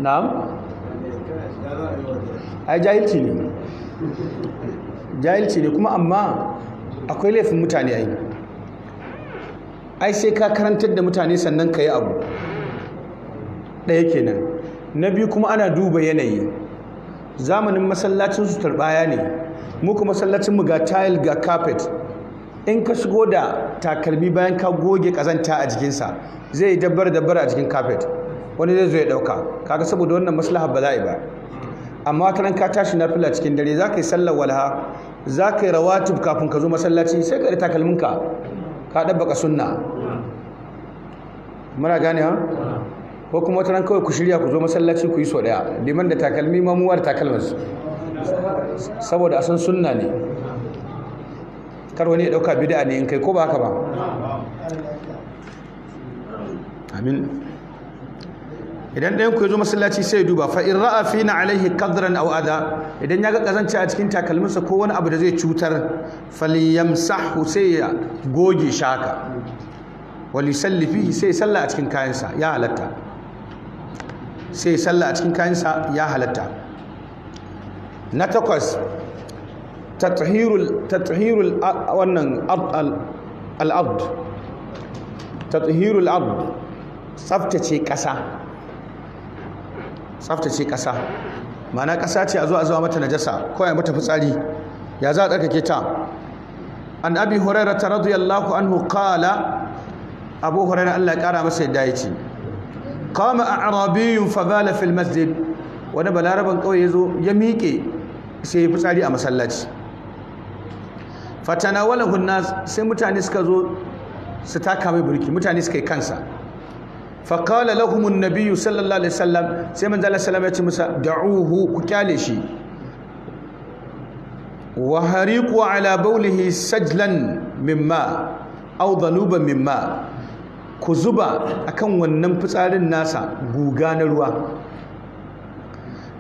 Speaker 1: na'am ai jahilci ne jahilci ne kuma amma akwai laifin mutane yi ai sai ka karantar da mutane sannan ka yi abu ɗaya kenan na biyu kuma ana duba yanayi zamanin masallacin su tarbaya ne muku masallacin mu ga tile ga carpet in ka shigo da takalmi bayan ka goge kazanta a jikinsa zai dabbar dabbar a jikin carpet wani zai zo ya dauka kaga saboda wannan maslaha za'i ba amma kanan ka tashi na fila cikin dare za ka yi sallar walha za ka yi rawatib kafin ka zo masallaci sai ka da takalminka ka ka sunna mara gane ha ko kuma wata ran kawai ku shirya ku zo masallaci ku yi so daya liman da takalmi mamuwa da takalmas saboda a san sunna ne kar wani ya dauka bid'a ne in kai ko ba haka ba amin idan ɗayan ku ya zo masallaci sai ya duba fa in ra'a fina alaihi kadran aw adha idan ya ga kazanci a cikin takalminsa ko wani abu da zai cutar falyamsahu sai ya goge shaka wali sallifi sai sallah a cikin kayansa ya halatta sai sallah a cikin kayansa ya halatta na takwas tathirul wannan al'abd tathirul tsaftace ƙasa tsaftace ƙasa mana ƙasa ce a zuwa zuwa mata najasa ko ya mata fitsari ya za a tsarkake ta an abi hurairah radiyallahu anhu qala abu hurairah Allah ya kara masa yadda ya ce kama a arabiyun fazala fil masjid wani balaraban kawai ya zo ya miƙe sai ya fitsari a masallaci fatana wala hunna sai mutane suka zo su taka mai burki mutane suka yi kansa fakala lahumun nabiyu sallallahu alaihi sallam sai manzala sallam ya ce musa da'uhu ku kyale shi wa hariqu ala baulihi sajlan mimma au dhanuban mimma ku zuba akan wannan fitsarin nasa guga na ruwa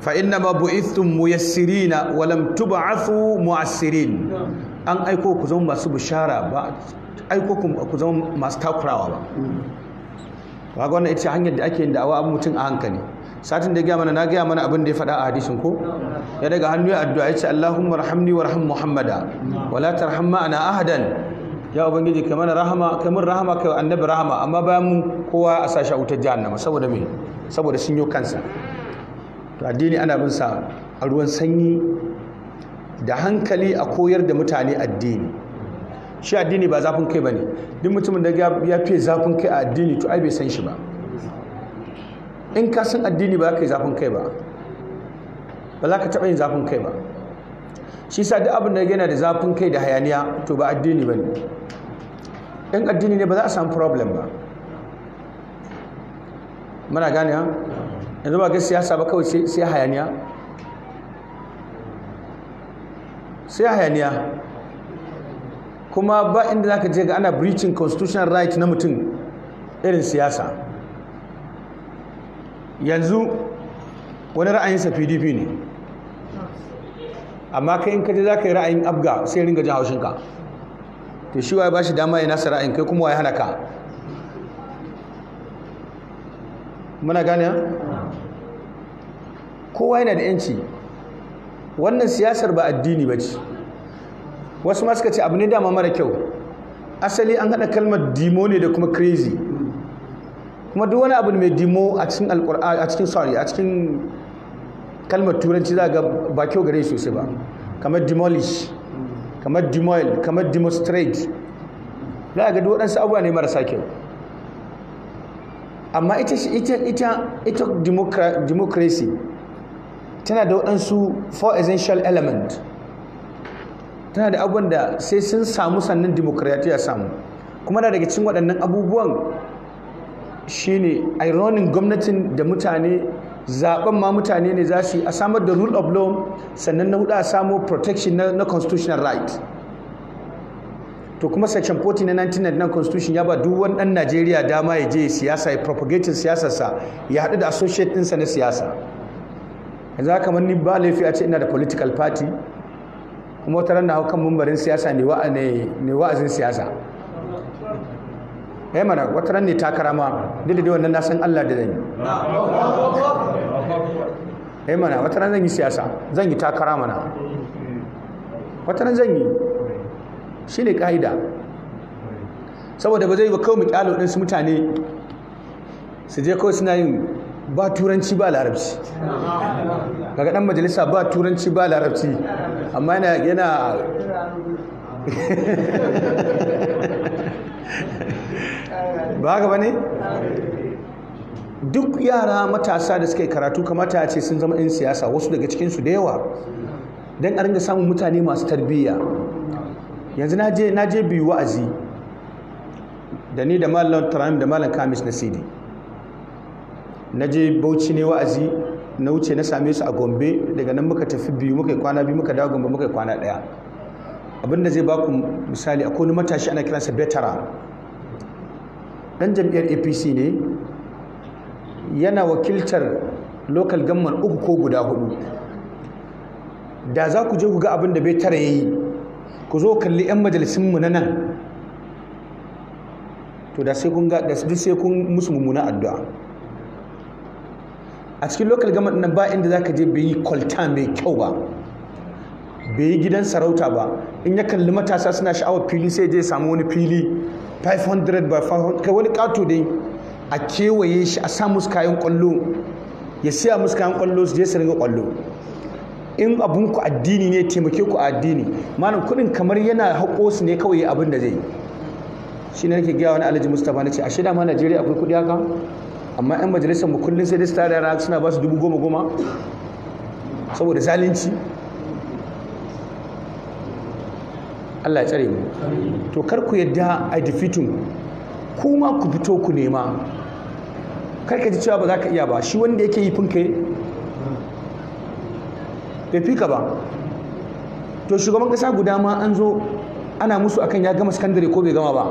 Speaker 1: fa inna ma bu'ithtum muyassirina wa lam tub'athu mu'assirin an aiko ku zama masu bishara ba aiko ku zama masu takurawa ba kaga wannan ita hanyar da ake da awa mutum a hankali satin da ya gaya mana na gaya mana abin da ya faɗa a hadisin ko ya daga hannu ya addu'a ya ce Allahumma rahamni warham Muhammada wala tarham ana ahadan ya ubangiji kai mana rahama kai mun rahama kai annabi rahama amma bayan mu kowa a sashi a wutar jahannama saboda me saboda sun yi kansa to addini ana bin sa a ruwan sanyi da hankali a koyar da mutane addini shi addini ba zafin kai bane duk mutumin da ya fiye zafin kai a addini to ai bai san shi ba in ka san addini ba za ka yi zafin kai ba ba za ka taɓa yin zafin kai ba shi sa duk abin da yana da zafin kai da hayaniya to ba addini ba ne in addini ne ba za a samu problem ba mana gane ha yanzu ba ga siyasa ba kawai sai hayaniya sai hayaniya kuma ba inda za ka je ga ana breaching constitutional right na mutum irin siyasa yanzu wani ra'ayinsa pdp ne amma kai in ka je za ka yi ra'ayin abga sai ringa jin haushinka to shi waye ba shi dama ya nasa ra'ayin kai kuma waye hana ka muna gane ha kowa yana da yanci wannan siyasar ba addini ba ce wasu ma suka ce abu ne dama mara kyau asali an haɗa kalmar dimo ne da kuma crazy kuma duk wani abu mai dimo a cikin alƙur'a a cikin sorry a cikin kalmar turanci za ga ba kyau gare sosai ba kamar demolish kamar demoil kamar demonstrate za ga duk waɗansu abubuwa ne marasa kyau amma ita ita ita ita democracy tana da waɗansu four essential element tana da abubuwan da sai sun samu sannan demokratiya samu kuma da daga cikin waɗannan abubuwan shine ironin gwamnatin da mutane zaben ma mutane ne za su yi a samar da rule of law sannan na hudu a samo protection na constitutional right to kuma section 40 na 1999 constitution ya ba duk dan Najeriya dama ya je siyasa ya propagating siyasarsa ya haɗu da associate ɗinsa na siyasa yanzu kamar ni ba laifi a ce ina da political party kuma wata ranar haukan hau kan mumbarin siyasa ne wa'azin siyasa eh mana wata ranni ne karama ma duk da wannan na san Allah da zan yi eh mana wata ran zan yi siyasa zan yi karama na wata ran zan yi shi ne kaida saboda ba zai ba kawai mu ɗin su mutane su je kawai suna yin ba turanci ba larabci kaga dan majalisa ba turanci ba larabci amma yana yana ba haka bane duk yara matasa da suka yi karatu kamata ce sun zama 'yan siyasa wasu daga cikinsu da yawa don a ringa samun mutane masu tarbiyya yanzu na je biyu wa'azi da ni da mallam tarim da mallam kamis na sidi na je bauchi ne wa'azi na wuce na same su a gombe daga nan muka tafi biyu muka yi kwana biyu muka dawo gombe muka yi kwana daya abinda zai baku misali akwai wani matashi ana kiransa betara dan jam'iyyar apc ne yana wakiltar local gamman uku ko guda hudu da za ku je ku ga abin da bai tara yayi ku zo kalli 'yan majalisunmu na nan to da sai kun ga da su sai kun musu mummuna addu'a a cikin lokal government nan ba inda zaka je bai yi kwalta mai kyau ba bai yi gidan sarauta ba in ya kalli matasa suna sha'awar fili sai je samu wani fili 500 by 500 kai wani kato dai a kewaye shi a sa musu kayan kwallo ya siya musu kayan kwallo su je su ringa kwallo in abun ku addini ne taimake ku addini malam kudin kamar yana hako su ne kawai abin da zai yi shi ne nake gaya wani alhaji mustapha na ce a shida ma najeriya akwai kudi haka amma yan majalisar mu kullum sai dai su tare yara suna ba su dubu goma goma saboda zalunci Allah ya tsare mu to kar ku yadda a defeatin ku ma ku fito ku nema kar ka ji cewa ba za ka iya ba shi wanda yake yi finka bai fi ba to shugaban kasa guda ma an zo ana musu akan ya gama sakandare ko bai gama ba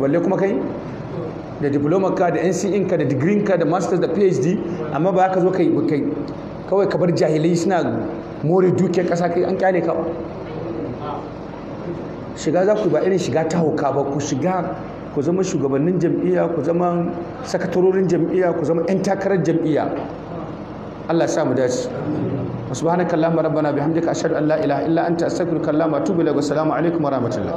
Speaker 1: balle kuma kai da diploma ka da NCE ka da degree ka da masters da PhD amma ba ka zo kai kai kawai ka bar jahilai suna more duke kasa kai an kyale ka ba shiga za ku ba irin shiga ta hauka ba ku shiga ku zama shugabannin jam'iyya ku zama sakatarorin jam'iyya ku zama 'yan takarar jam'iyya Allah sa mu dace subhanaka allahumma rabbana bihamdika ashhadu an la ilaha illa an ta wa kallama ilaik wa salamu alaikum wa rahmatullah